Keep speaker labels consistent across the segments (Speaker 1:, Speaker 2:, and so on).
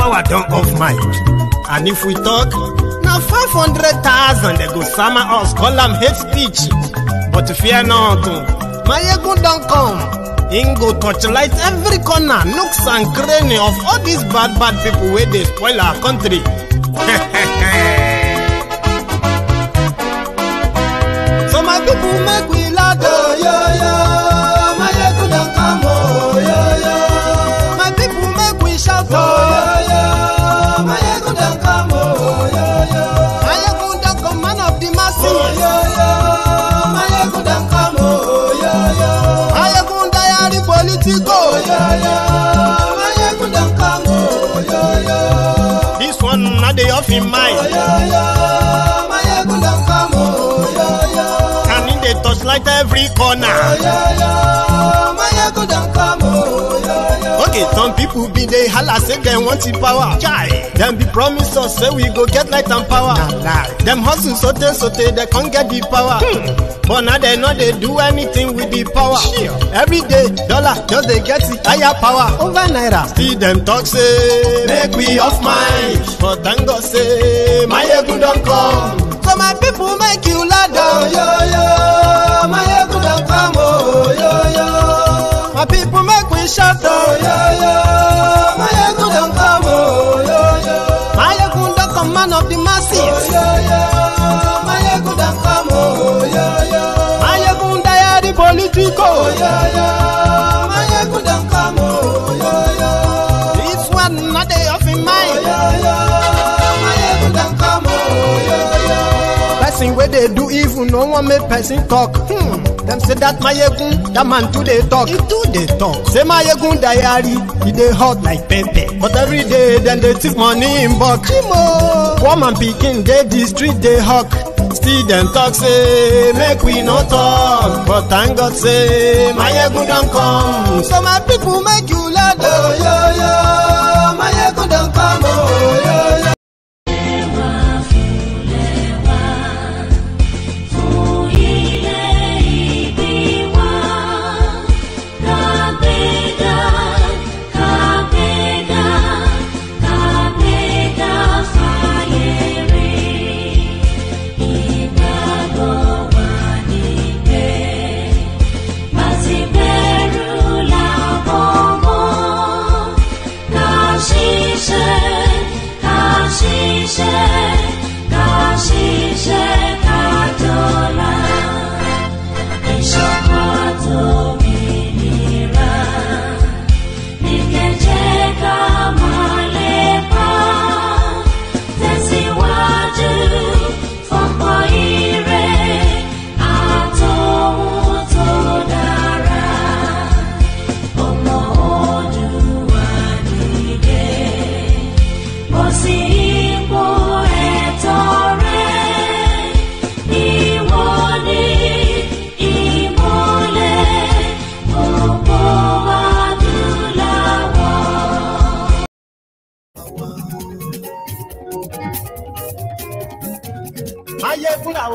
Speaker 1: power don off mic and if we talk now five hundred thousand dem go sama us call am hate speech but fear not oh. my ego don't come im go torchlight every corner nooks and cranny of all these bad bad people where they spoil our country fi mind. Can they touch light every corner? okay town people be dey hala say dem want the power chai dem be promise us say we go get light and power dem hustle sotey sotey dem con get the power hmm. but now dem no dey do anything with the power every day dollar just dey get higher power over naira still dem talk say make we off mind but thank god say mayegun don come so my people make you loud oyoyo mayegun don come oyoyo oh, my people make shafto yoyo mayegun don come oh yoyo mayegun don come man of the masses yoyo mayegun don come oh yoyo mayegun dayari politiko yoyo mayegun don come oh yoyo this one na dey of im mind yoyo mayegun don come oh yoyo person wey dey do evil no wan make person talk. Hmm dem say dat mayegun dat man too dey talk e too dey talk say mayegun diary e dey hot like pepper but every day dem dey thief money in bulk chimo woman pikin dey di street dey hawk still dem talk say make we no talk but thank god say mayegun don come so my pipo make you lado oh, yo yo.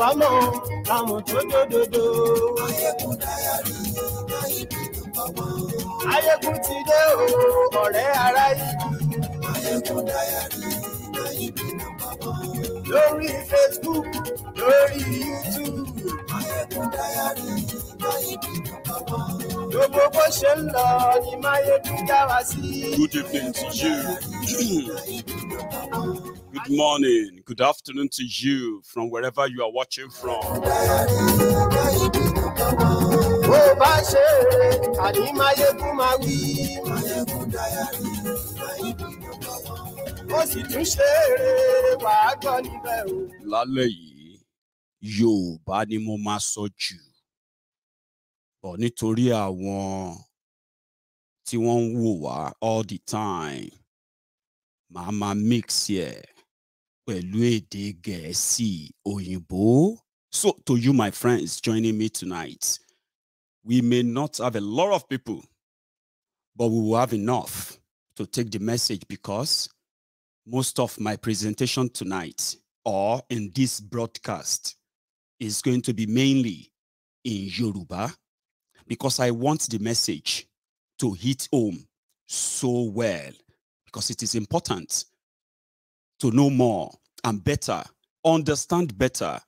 Speaker 1: wá mọ̀ láwùjọ tó pamọ́. Ayékun ti dé o, ọ̀rẹ́ ará yìí. Lórí Facebook, lórí YouTube. Gbogbo bó ṣe ń lọ ni Máyékun já wa sí. Good evening to you.
Speaker 2: Good morning, good afternoon to you from wherever you are watching from. lálẹ́ yìí Yorùbá ni mo máa sọ jù bọ̀ nítorí àwọn tí wọ́n ń wò wá all the time màá máa mix here. pẹ̀lú èdè gẹ̀ẹ́sì òyìnbó. So to you, my friends, joining me tonight, we may not have a lot of people, but we will have enough to take the message because most of my presentation tonight or in this broadcast is going to be mainly in Yoruba because I want the message to hit home so well because it is important to know more and better, understand better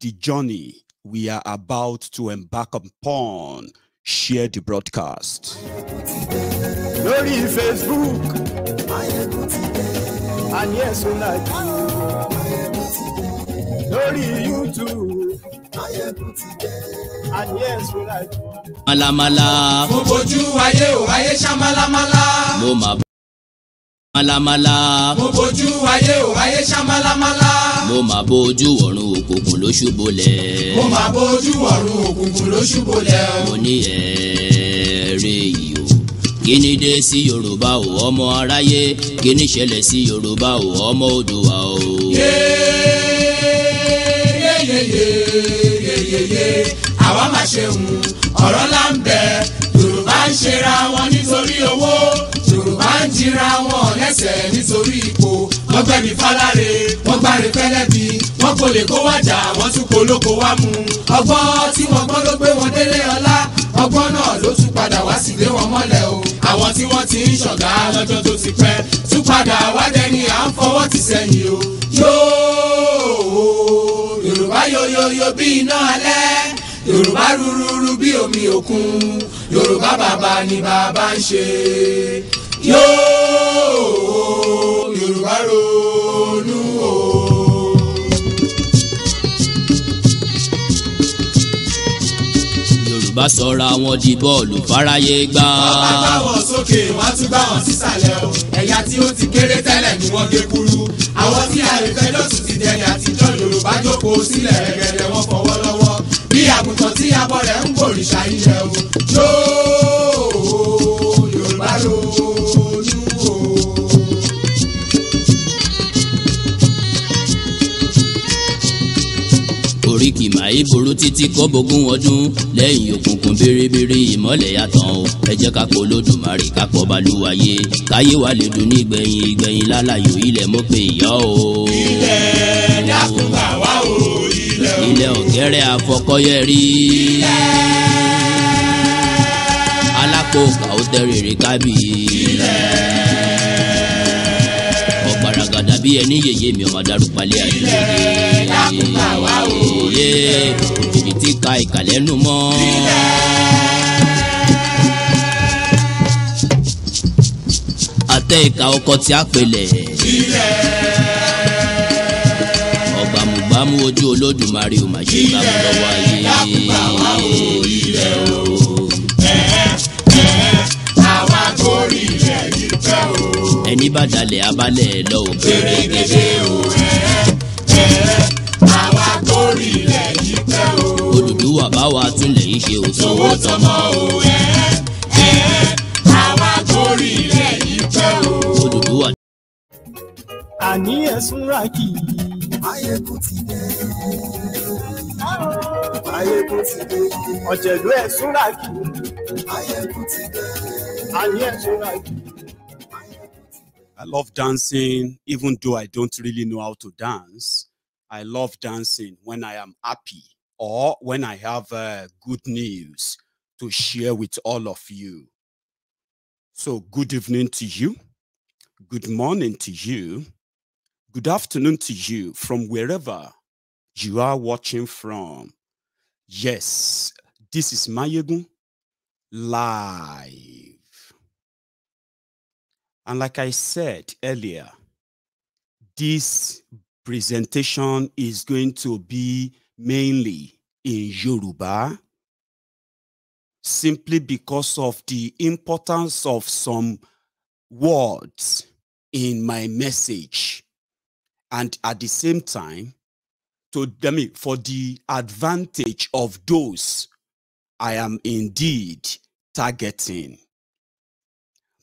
Speaker 2: the journey we are about to embark upon. Share the broadcast.
Speaker 1: Lórí Facebook, Agnes Olaji. Lórí YouTube, Agnes Olaji.
Speaker 3: Malamala. Mo bójú
Speaker 4: ayé o, ayé ṣá malamala.
Speaker 3: Mo malamala. mo
Speaker 4: bójú ayé o ayé ṣá malamala.
Speaker 3: mo máa bójú ọ̀run òkùnkùn ló ṣubú lẹ̀. mo máa
Speaker 1: bójú ọ̀run òkùnkùn ló ṣubú lẹ̀.
Speaker 3: mo ní ẹ̀ẹ́rẹ́ yìí o kíni dé sí Yorùbá o ọmọ aráyé kíni ṣẹlẹ̀ sí Yorùbá o ọmọ Oòduà o.
Speaker 4: yeyeyeyeyeyeye àwa máa ṣe ń ọ̀rọ̀ là Yorùbá ń ṣera wọn nítorí owó dira wọn lẹ́sẹ̀
Speaker 1: nítorí ipò wọ́n gbẹ̀bí fálárẹ̀ wọ́n gbáre pẹ́lẹ́bí wọ́n kò lè kó wájà wọ́n tún kó lóko wá mu. ọgbọ́n tí wọ́n gbọ́n ló gbé wọn délé ọlá ọgbọ́n náà ló
Speaker 3: tún
Speaker 4: padà wá sílé wọn mọ́lẹ̀ o àwọn tí wọ́n ti ń ṣọ̀gá lọ́jọ́ tó ti pẹ́ tún padà wájẹ́ ni à ń fọwọ́ ti sẹ́yìn o. yóò yorùbá yoyoyo bí iná alẹ́ yorùbá rúrúrú bí omi òkun yorùbá bàbá ni bàbá ń ṣe yóò Yorùbá ronú o.
Speaker 3: Yorùbá sọra wọn di bọ́ọ̀lù fáráyé gbá. bàbá bá
Speaker 2: wọn sókè wọn tún bá wọn sísàlẹ̀ o ẹ̀yà tí ó ti kéré tẹ́lẹ̀ ni wọ́n gé kúrú àwọn tí àrèfẹ́ lọ́sùn ti dẹni àtijọ́ Yorùbá jókòó sílẹ̀
Speaker 3: rẹ̀gẹ̀dẹ̀ wọn fọwọ́ lọ́wọ́ bí àgùntàn tí abọ́ rẹ̀ ń gbòrìṣà ilẹ̀ o yóò. ìbòrú títí kọ́bọ̀gún ọdún lẹ́yìn òkùnkùn bèrèbèrè ìmọ́lẹ̀ yàtàn o ẹ jẹ́ ká pọ̀ lódùmarè ká pọ̀ balùwàyè káyé wa lè dùn ní gbẹ̀yìn gbẹ̀yìn lálàyò ilẹ̀ mọ́ pé ìyá o.
Speaker 4: ilẹ̀ dákúgbà wá o
Speaker 3: ilẹ̀ o. ilẹ̀ ọ̀gẹ́rẹ́ àfọkọ́yẹ rí. ilẹ̀ alákòókà ó tẹ́rẹ̀ẹ́rẹ́ kábíyé. ilẹ̀ dàbí ẹni yèyé mi ọmọ darúgbó alẹ́ àti
Speaker 4: yèyé dákúgbà wá òye
Speaker 3: òjijì ti ka ìkàlẹ́nu mọ́. àtẹ ìka ọkọ tí a pèlè. ọgbàmùgbàmù ojú olódùmarè ò mà ṣe gbàmù lọ́wọ́ ayé. dákúgbà o. ẹni bá dalẹ̀ abalẹ̀ lọ o. jèrègèdè
Speaker 4: o rẹ̀ jẹ́ àwa kórì ilẹ̀ yìí
Speaker 3: pẹ́ o. Odùduwà bá wa túnlẹ̀ yìí ṣe o. tòwó tọmọ o
Speaker 4: ẹ̀
Speaker 1: ẹ̀ àwa kórì ilẹ̀ yìí pẹ́ o. Odùduwà. àní ẹ̀sùn rà kì í. ayẹkùn ti dé ayẹkùn ti dé. ọ̀jẹ̀lú ẹ̀sùn rà kì í. ti dé. àní ẹ̀sùn rà
Speaker 2: I love dancing, even though I don't really know how to dance. I love dancing when I am happy or when I have uh, good news to share with all of you. So, good evening to you. Good morning to you. Good afternoon to you from wherever you are watching from. Yes, this is Mayegun live and like I said earlier, this presentation is going to be mainly in Yoruba simply because of the importance of some words in my message. And at the same time, to I mean, for the advantage of those I am indeed targeting.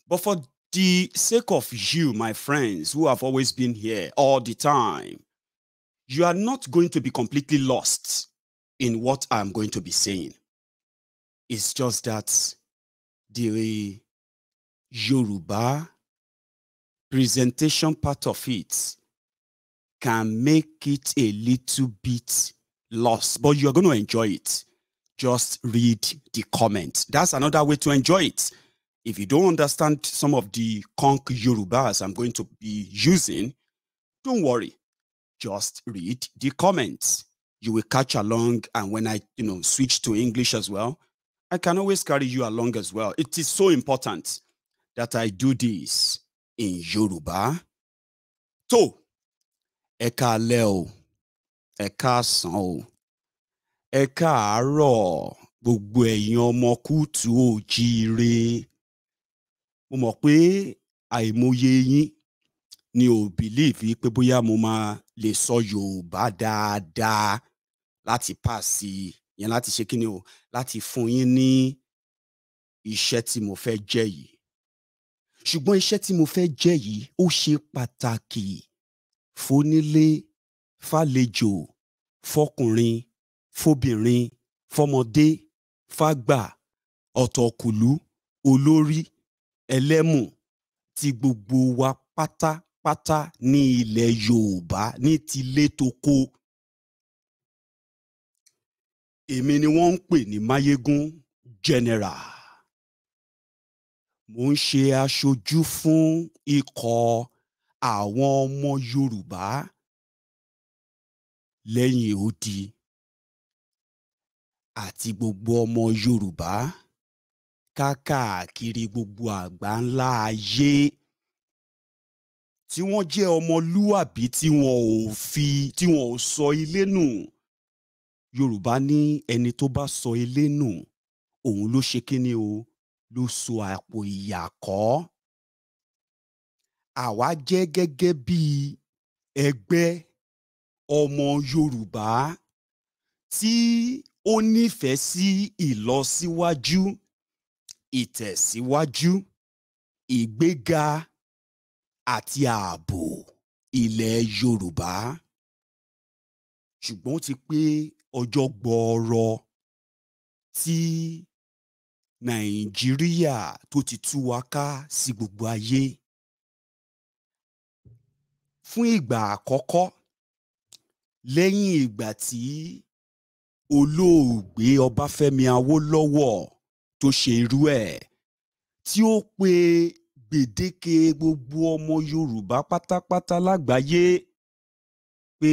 Speaker 2: But for the sake of you, my friends, who have always been here all the time, you are not going to be completely lost in what I'm going to be saying. It's just that the Yoruba presentation part of it can make it a little bit lost, but you're going to enjoy it. Just read the comment. That's another way to enjoy it if you don't understand some of the conk Yorubas I'm going to be using, don't worry. Just read the comments. You will catch along. And when I, you know, switch to English as well, I can always carry you along as well. It is so important that I do this in Yoruba. So, Eka Leo, Eka San, Eka Aro, Gbogbo mo mọ̀ pé àìmọye yín ni ò bìlíìfì pé bóyá mo máa lè sọ Yorùbá dáadáa láti pàṣẹ yẹn láti ṣe kí ni o láti fún yín ní iṣẹ́ tí mo fẹ́ jẹ́ yìí ṣùgbọ́n iṣẹ́ tí mo fẹ́ jẹ́ yìí ó ṣe pàtàkì fónílé fàlejò fọkùnrin fóbìnrin fọmọdé fàgbà ọ̀tọ̀kùlú olórí ẹlẹ́mù ti gbogbo wa pátápátá ní ilẹ̀ Yorùbá ní tilé toko èmi ni wọ́n ń pè ní Mayegun general mo ń ṣe aṣojú fún ikọ̀ àwọn ọmọ Yorùbá lẹ́yìn odi àti gbogbo ọmọ Yorùbá káàkiri gbogbo àgbáńlá ayé tí wọ́n jẹ́ ọmọlúwàbí tí wọ́n ò fi tí wọ́n ò sọ ilé nù Yorùbá ní ẹni tó bá sọ ilé nù òun ló ṣe kíni o ló so àpò ìyàkọ́ àwa jẹ́ gẹ́gẹ́ bíi ẹgbẹ́ ọmọ Yorùbá tí ó nífẹ̀ẹ́ sí ìlọsíwájú. Si ìtẹ̀síwájú ìgbéga àti ààbò ilẹ̀ Yorùbá ṣùgbọ́n ó ti pé ọjọ́ gbọọrọ tí Nàìjíríà tó ti tú wa ká sí gbogbo ayé fún ìgbà àkọ́kọ́ lẹ́yìn ìgbà tí olóògbé Ọbáfẹ́mi Awólọ́wọ̀ tó ṣe irú ẹ̀ tí ó pe gbèdéke gbogbo ọmọ Yorùbá pátápátá lágbàáyé pé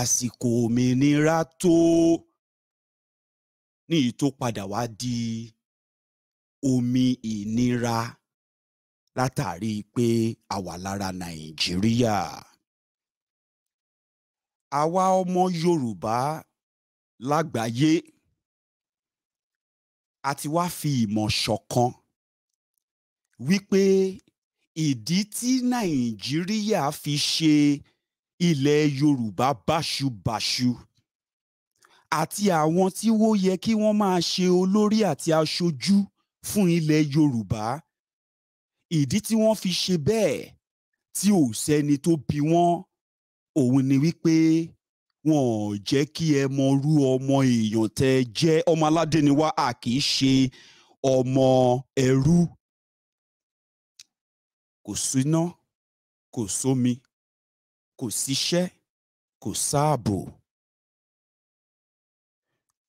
Speaker 2: àsìkò òmìnira tó ní èyí tó padà wá di omi ìnira látàrí pé a Nàìjíríà àwa ọmọ Yorùbá lágbàáyé a ti wá fi ìmọ̀ ṣọ̀kan wípé ìdí tí Nàìjíríà fi ṣe ilẹ̀ Yorùbá báṣubàṣu àti àwọn tí ó yẹ kí wọ́n máa ṣe olórí àti aṣojú fún ilẹ̀ Yorùbá ìdí tí wọ́n fi ṣe bẹ́ẹ̀ tí ò sẹ́ni tó bi wọ́n òun ni wípé wọn ò jẹ́ kí ẹ mọrú ọmọ èèyàn tẹ́ jẹ́ ọmọ aládé ni wá a kì í ṣe ọmọ ẹrú kò síná kò sómi kò síṣẹ́ kò sáàbò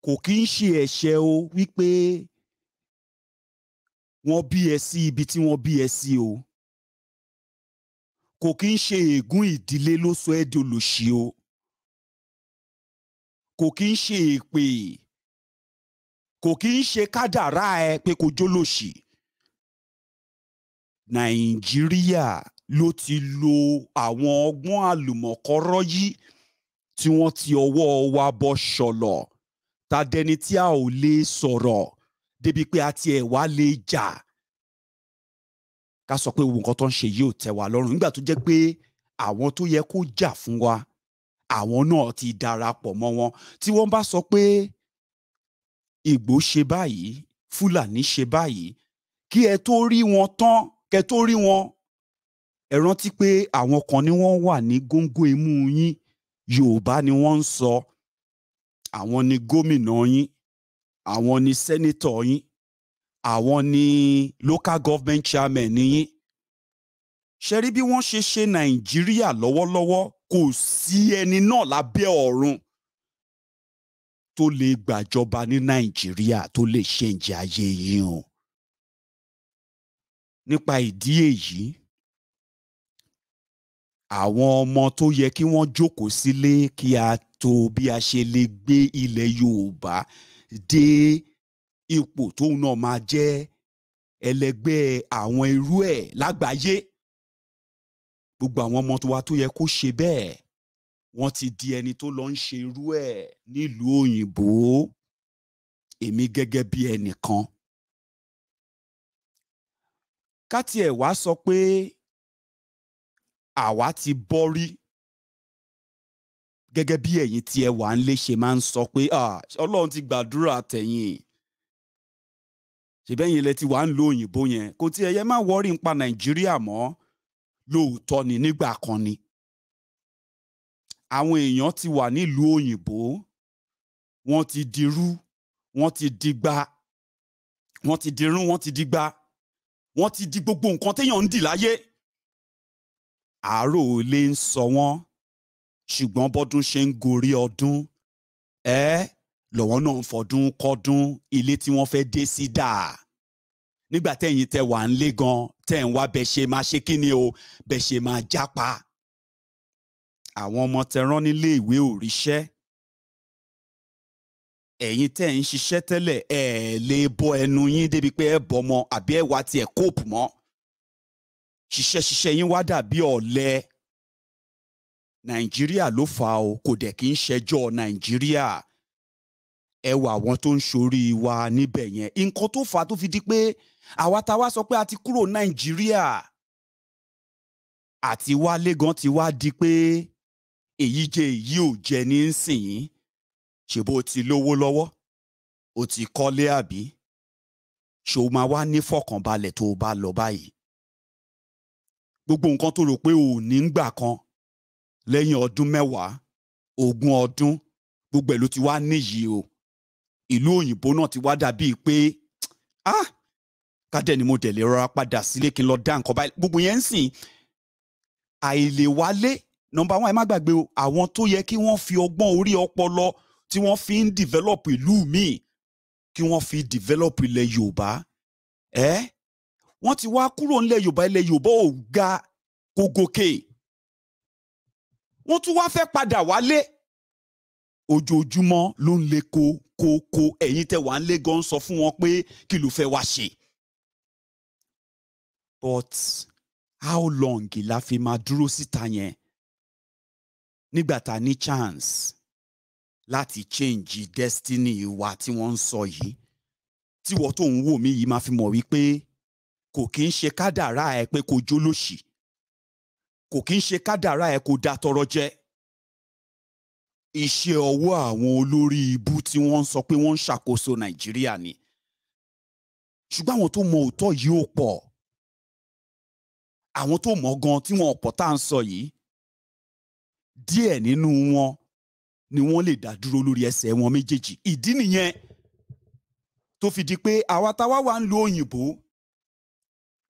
Speaker 2: kò kí ń ṣe ẹ̀ṣẹ̀ o wípé wọ́n bí ẹ sí ibi tí wọ́n bí ẹ sí o kò kí ń ṣe ègún ìdílé ló sọ ẹ́ di olòṣì o kò kí ń ṣe èpè kò kí ń ṣe kádàrá ẹ pé kò jólóṣì nàìjíríà ló ti lo àwọn ọgbọ́n àlùmọ̀kọ́rọ́ yìí tí wọ́n ti ọwọ́ wa bọ́ ṣọlọ̀ ta dẹni tí a ò lè sọ̀rọ̀ débi pé a ti ẹ̀ wá lè jà ká sọ pé nǹkan tó ń ṣe yìí ò tẹ́ wa lọ́rùn nígbà tó jẹ́ pé àwọn tó yẹ kó jà fún wa àwọn náà ti darapọ̀ mọ́ wọn tí wọ́n bá sọ pé Ìgbò ṣe báyìí Fúlàní ṣe báyìí kí ẹ tó rí wọn tán kẹ tó rí wọn ẹ rántí pé àwọn kan ni wọ́n wà ní góńgó imú yín Yorùbá ni wọ́n ń sọ àwọn ni gómìnà yín àwọn ni sẹ́nitọ̀ yín àwọn ni local government chairman yín ṣe rí bí wọ́n ṣe ṣe Nàìjíríà lọ́wọ́lọ́wọ́ kò sí ẹni náà lábẹ́ ọ̀run tó lè gbàjọba ní nàìjíríà tó lè ṣèǹjẹ ayé yín o nípa ìdí èyí àwọn ọmọ tó yẹ kí wọ́n jókòó sílé kí a tó bí a ṣe lè gbé ilẹ̀ yorùbá dé ipò tóun náà máa jẹ́ ẹlẹgbẹ́ àwọn irú ẹ̀ lágbàáyé gbogbo àwọn ọmọ wa tó yẹ kó ṣe bẹ́ẹ̀ wọ́n ti di ẹni tó lọ ń ṣe irú ẹ̀ nílùú òyìnbó èmi gẹ́gẹ́ bí ẹnìkan ká tiẹ̀ wá sọ pé àwa ti bọ́ rí gẹ́gẹ́ bí ẹ̀yin tí ẹ wà ń lé máa ń sọ pé ọlọ́run ti gbàdúrà tẹ̀yìn ṣèbẹ́yìn ilẹ̀ ti wà ń lo òyìnbó yẹn kò tiẹ̀ yẹ má wọ́rí nípa nàìjíríà mọ́ lóòótọ́ ni nígbà kan ni àwọn èèyàn ti wà nílùú òyìnbó wọ́n ti dirú wọ́n ti digba wọ́n ti dirún wọ́n ti digba wọ́n ti di gbogbo nǹkan téèyàn ń dì láyé àárò ilé ń sọ wọ́n ṣùgbọ́n bọ́dún ṣe ń gorí ọdún ẹ lọ́wọ́ náà ń fọdún kọ́dún ilé tí wọ́n fẹ́ dé sí dáa nígbà tẹ̀yìn tẹ wà ń lé gan tẹ̀ ń wá bẹ̀ máa ṣe kí ni o bẹ̀ ṣe máa jápa àwọn ọmọ tẹ rán nílé ìwé ò ríṣẹ́ ẹ̀yin tẹ̀ ń ṣiṣẹ́ tẹ́lẹ̀ ẹ̀ lè bọ ẹnu yín débi pé ẹ bọ̀ mọ́ àbí ẹ wá tiẹ̀ kóòpù mọ́ ṣiṣẹ́ ṣiṣẹ́ yín wá dàbí ọ̀lẹ nàìjíríà ló fà o kò dẹ̀ kí ń ṣẹjọ́ nàìjíríà ẹ wà àwọn tó ń ṣorí wa níbẹ̀ yẹn nǹkan tó fà á tó fi di pé àwa tá a wá sọ pé a ti kúrò nàìjíríà àti wálé gan ti wá di pé èyí jẹ èyí ò jẹ ní sìn ṣe bó ti lówó lọ́wọ́ ó ti kọ́lé àbí ṣó máa wá ní fọkànbalẹ̀ tó o bá lọ báyìí gbogbo nǹkan tó rò pé ò ní ń gbà kan lẹ́yìn ọdún mẹ́wàá ogún ọdún gbogbo ẹ̀ ló ti wá níyì o ìlú òyìnbó náà ti wá dàbíi pé ah kádẹ́ ni mo dẹ̀ lè rọra padà sílé kí n lọ dá nǹkan báyìí gbogbo yẹn ń sìn àìlèwálé nọ́mbà wọn ẹ má gbàgbé o àwọn tó yẹ kí wọ́n fi ọgbọ́n orí ọpọlọ tí wọ́n fi ń develop ìlú míì kí wọ́n fi develop ilẹ̀ Yorùbá ẹ wọ́n ti wá kúrò nílẹ̀ Yorùbá ilẹ̀ Yorùbá ò ga kó gòkè tún wá fẹ́ padà wálé ojoojúmọ́ ló ń le ko ko ko ẹ̀yin tẹ́ wà ń lé gan sọ fún wọn pé kí ló fẹ́ wá ṣe but how long la fi máa dúró síta yẹn nígbà tá a chance láti change destiny wa tí wọ́n ń sọ yìí tí wọ́n tó ń wò mí yìí máa fi mọ̀ wípé kò kí ń ṣe kádàrá ẹ pé kò jólóṣì kò kí ń ṣe kádàrá ẹ kò da tọrọ jẹ iṣẹ́ ọwọ́ àwọn olórí ibú tí wọ́n ń sọ pé wọ́n ń ni ṣùgbọ́n àwọn tó mọ òótọ́ yìí ò pọ̀ àwọn tó mọ̀ gan tí wọn ọ̀pọ̀ tá à ń sọ yìí díẹ̀ nínú wọn ni wọ́n lè dá dúró lórí ẹsẹ̀ wọn méjèèjì ìdí nìyẹn tó fi di pé àwa táwa wà ń lo òyìnbó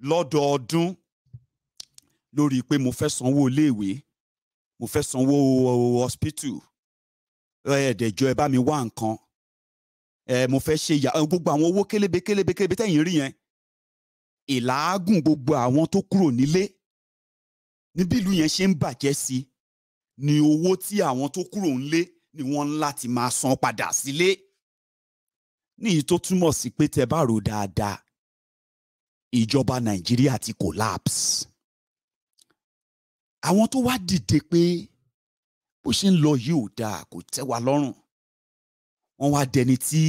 Speaker 2: lọ́dọọdún lórí pé mo fẹ́ sanwó iléèwé mo fẹ́ sanwó hospital ẹ̀ẹ́dẹ̀jọ ẹ bá mi wá nǹkan ẹ mo fẹ́ ṣe ìyá gbogbo àwọn owó kélébé kélébé kélébé tẹ̀yìn rí yẹn ìlàágùn gbogbo àwọn tó kúrò nílé níbi ìlú yẹn ṣe ń bàjẹ́ sí ni owó tí àwọn tó kúrò nílé ni wọ́n ń láti máa san padà sílé níyì tó túmọ̀ sí pé tẹ́ bá rò dáadáa ìjọba nàìjíríà ti collapse àwọn tó wá dìde pé bó ṣe ń lọ yìí ò dáa kò tẹ́ wa lọ́rùn wọ́n wá dẹni tí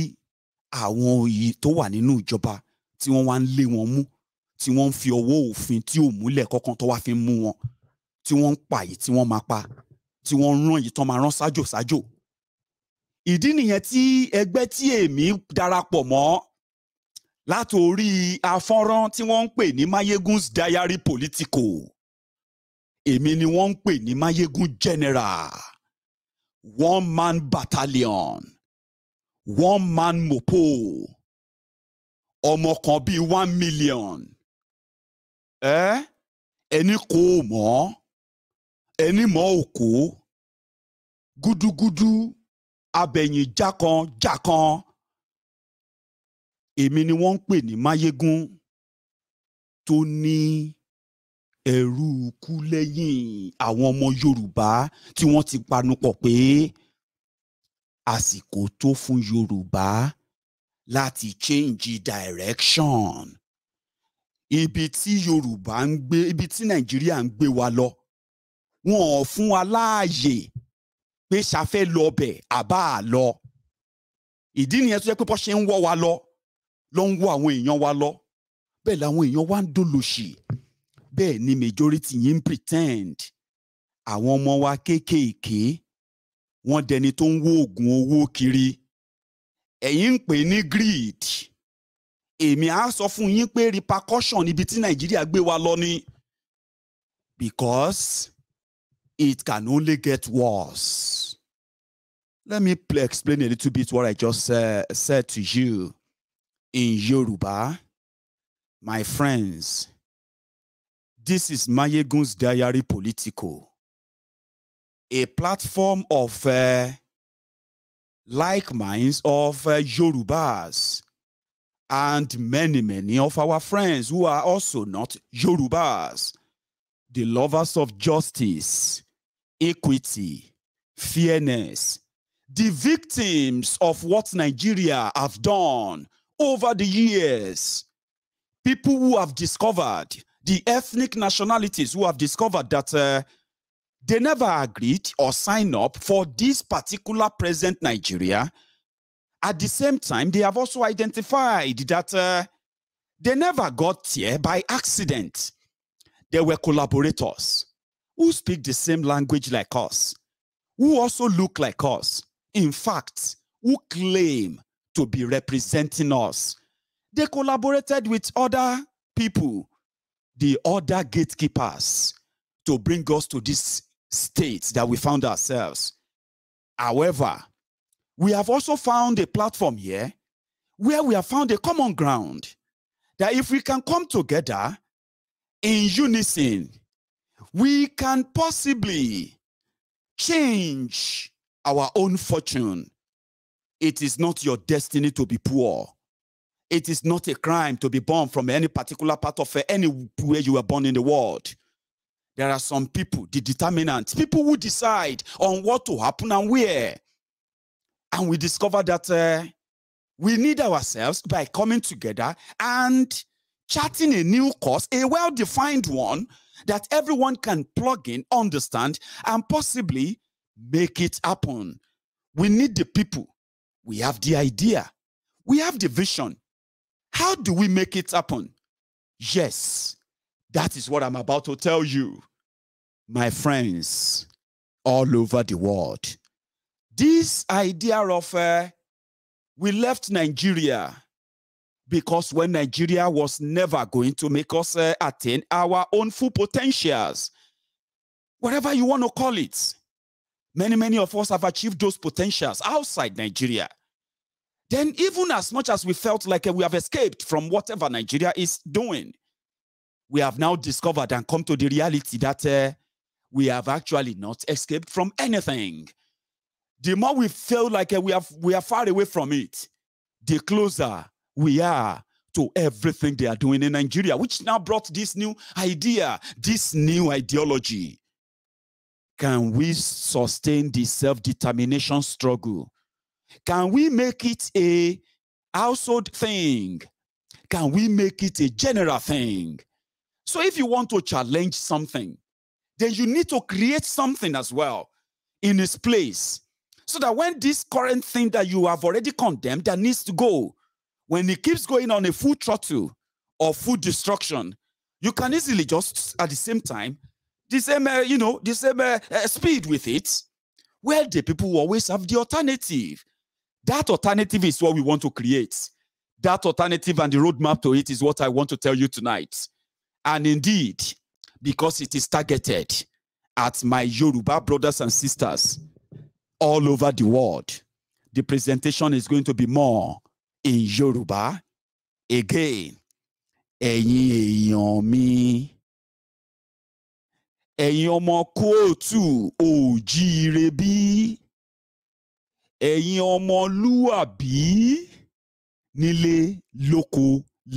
Speaker 2: àwọn òye tó wà nínú ìjọba tí wọ́n wá ń lé wọn mú tí wọ́n ń fi ọwọ́ òfin tí ò múlẹ̀ kọ́kàn tó wá fi ń mú wọn tí wọ́n ń pa èyí tí wọ́n máa pa tí wọ́n ń rán èyí tó máa rán sájò sájò. ìdí nìyẹn tí ẹgbẹ́ tí èmi darapọ̀ mọ́ látòrí afọ́nrán tí wọ́n ń pè ní Mayegun's Diary Politico èmi ni wọ́n ń pè ní Mayegun General one man battalion one man mopo ọmọ kan bíi one million ẹ ẹni kò mọ̀ ẹni mọ̀ òkò gúdúgúdú abẹ̀yìn jákan jákan èmi ni wọ́n ń pè ní máyégún tó ní ẹ̀rú kú lẹ́yìn àwọn ọmọ Yorùbá tí wọ́n ti panupọ̀ pé àsìkò tó fún Yorùbá láti change direction ibi tí Yorùbá ń gbé ibi tí Nàìjíríà ń gbé wa lọ wọn ò fún wa láàyè pé ṣàfẹ́ lọ bẹ̀ àbá lọ ìdí nìyẹn tó jẹ́ pé bọ́ ṣe ń wọ́ wa lọ ló ń wọ́ àwọn èèyàn wa lọ bẹ́ẹ̀ làwọn èèyàn wa ń dolòṣì bẹ́ẹ̀ ni majority yìí ń pretend àwọn ọmọ wa kéékèèké wọn dẹni tó ń wó oògùn owó kiri ẹ̀yin ń pè ní greed èmi á sọ fún yín pé repercussion níbi tí nàìjíríà gbé wa lọ ni because it can only get worse. Let me explain a little bit what I just uh, said to you in Yoruba. My friends, this is Mayegun's Diary Politico, a platform of uh, like minds of uh, Yorubas and many, many of our friends who are also not Yorubas, the lovers of justice, equity, fairness, the victims of what Nigeria have done over the years. People who have discovered, the ethnic nationalities who have discovered that uh, they never agreed or signed up for this particular present Nigeria at the same time, they have also identified that uh, they never got here by accident. They were collaborators who speak the same language like us, who also look like us, in fact, who claim to be representing us. They collaborated with other people, the other gatekeepers, to bring us to this state that we found ourselves. However, we have also found a platform here where we have found a common ground that if we can come together in unison, we can possibly change our own fortune. It is not your destiny to be poor. It is not a crime to be born from any particular part of eh, anywhere you were born in the world. There are some people, the determinants, people who decide on what to happen and where. And we discovered that uh, we need ourselves by coming together and charting a new course, a well defined one that everyone can plug in, understand, and possibly make it happen. We need the people. We have the idea. We have the vision. How do we make it happen? Yes, that is what I'm about to tell you, my friends all over the world. This idea of uh, we left Nigeria because when Nigeria was never going to make us uh, attain our own full potentials, whatever you want to call it, many, many of us have achieved those potentials outside Nigeria. Then, even as much as we felt like uh, we have escaped from whatever Nigeria is doing, we have now discovered and come to the reality that uh, we have actually not escaped from anything the more we feel like we are, we are far away from it, the closer we are to everything they are doing in Nigeria, which now brought this new idea, this new ideology. Can we sustain the self determination struggle? Can we make it a household thing? Can we make it a general thing? So, if you want to challenge something, then you need to create something as well in its place so that when this current thing that you have already condemned that needs to go, when it keeps going on a full throttle or full destruction, you can easily just at the same time, the same, uh, you know, the same uh, uh, speed with it. Well, the people will always have the alternative. That alternative is what we want to create. That alternative and the roadmap to it is what I want to tell you tonight. And indeed, because it is targeted at my Yoruba brothers and sisters, all over the world. The presentation is going to be more in Yoruba. Again, ẹ̀yin èèyàn mi. Ẹ̀yin ọmọ kóòtù òjíire bí. Ẹ̀yin ọmọlúwàbí nílé lóko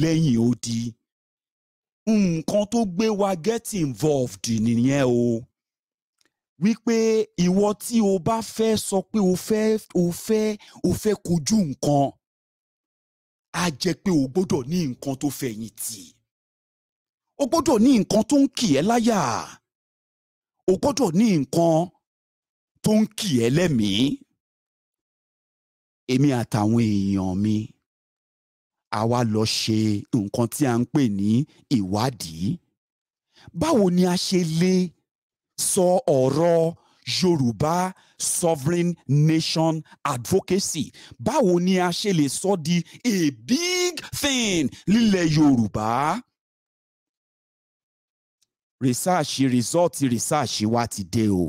Speaker 2: lẹ́yìn odi. Nǹkan tó gbé wa get involved nìyẹn o wípé ìwọ tí o bá fẹ́ sọ pé o fẹ́ o fẹ́ o fẹ́ kojú nǹkan á jẹ́ pé o gbọ́dọ̀ ní nǹkan tó fẹ̀yìn tì o gbọ́dọ̀ ní nǹkan tó ń kì ẹ́ láyà o gbọ́dọ̀ ní nǹkan tó ń kì ẹ́ lẹ́mìí èmi àtàwọn èèyàn mi a wá lọ ṣe nǹkan tí a ń pè ní ìwádìí báwo ni a ṣe lè sọ ọ̀rọ̀ Yorùbá sovereign nation advocacy báwo ni a ṣe lè sọ di a big thing lílẹ̀ Yorùbá rìsáàsì rìsọ́ọ̀tì rìsáàsì wa ti dé o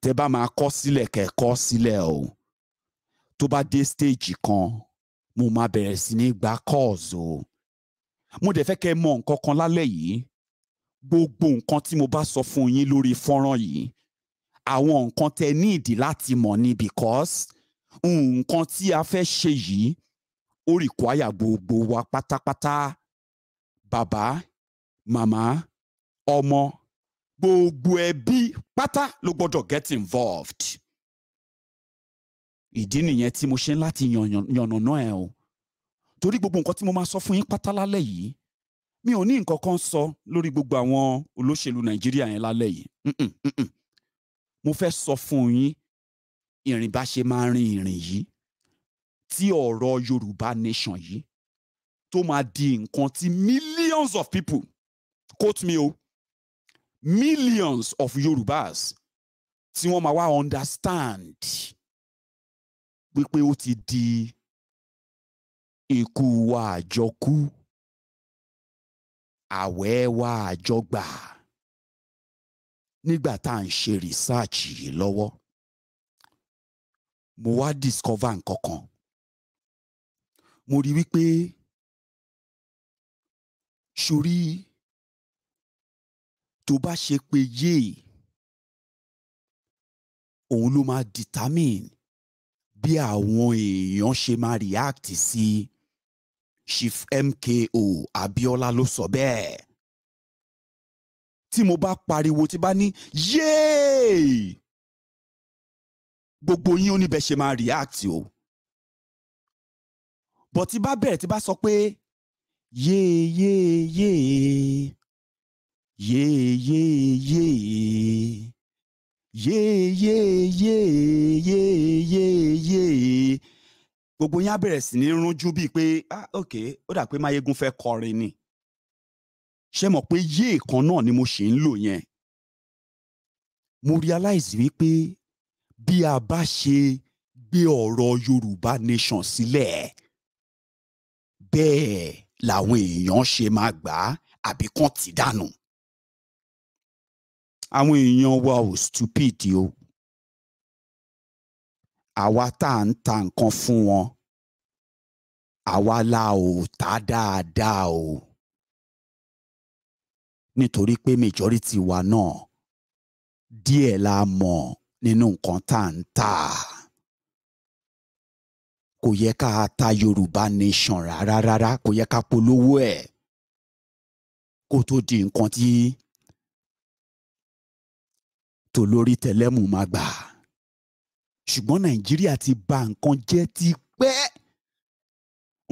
Speaker 2: tẹ bá máa kọ sílẹ̀ kẹ́ kọ sílẹ̀ o tó bá dé stage kan mo máa bẹ̀rẹ̀ sí ní gba calls o mo dẹ̀ fẹ́ kẹ́ mọ nǹkan kan lálẹ́ yìí gbogbo nǹkan tí mo bá sọ fún yín lórí fọ́nrán yìí àwọn nǹkan tẹ ní ìdí láti mọ̀ ni because nǹkan tí a fẹ́ ṣe yìí ó rìkwáyà gbogbo wa pátápátá bàbá màmá ọmọ gbogbo ẹbí pátá ló gbọ́dọ̀ get involved ìdí nìyẹn tí mo ṣe ń láti yànnàná ẹ o torí gbogbo nǹkan tí mo máa sọ fún yín pátá lálẹ́ yìí mi ò ní nǹkan kan sọ lórí gbogbo àwọn olóṣèlú nàìjíríà yẹn lálẹ́ yìí mo fẹ́ sọ fún yín ìrìn bá ṣe máa rin ìrìn yìí tí ọ̀rọ̀ yorùbá nation yìí tó máa di nǹkan tí millions of people quote me o millions of yorùbás tí wọ́n máa wá understand wípé ó ti di ikú wa àjọkú àwẹ̀ wa àjọgbà nígbà tá à ń ṣe rìsáàchì yìí lọ́wọ́ mo wá discover nǹkan kan mo rí wípé sórí tó bá ṣe pé yéè òun ló máa determine bí àwọn èèyàn ṣe máa react sí chief mko abiola ló sọ bẹ́ẹ̀ tí mo bá pariwo tí bá ní yéè gbogbo yín ó ní bẹ́ẹ̀ ṣe máa react o bọ̀ tí bá bẹ̀rẹ̀ tí bá sọ pé yéè yéè yéè yéè yéè yéè yéè yéè yéè yéè yéè gbogbo yín á bẹ̀rẹ̀ sí ní rúnjú bíi pé ah ok ó dà pé Máyégún fẹ́ kọrin ni ṣé mọ̀ pé yéè kan náà ni mo ṣì ń lò yẹn mo realize wípé bí a bá ṣe gbé ọ̀rọ̀ Yorùbá nation sílẹ̀ bẹ́ẹ̀ làwọn èèyàn ṣe máa gbà á àbí kàn ti dànù àwọn èèyàn wa ò stupid o àwa tá à ń ta nǹkan fún wọn àwa la ò ta dáadáa o nítorí pé majority wa náà díẹ̀ la mọ̀ nínú nǹkan tá à ń tà kò yẹ ká ta Yorùbá nation rárá rárá kò yẹ ká polówó ẹ̀ kó tó di nǹkan tí tòlórí tẹlẹ́mù máa gbà ṣùgbọ́n nàìjíríà ti bà nǹkan jẹ́ ti pẹ́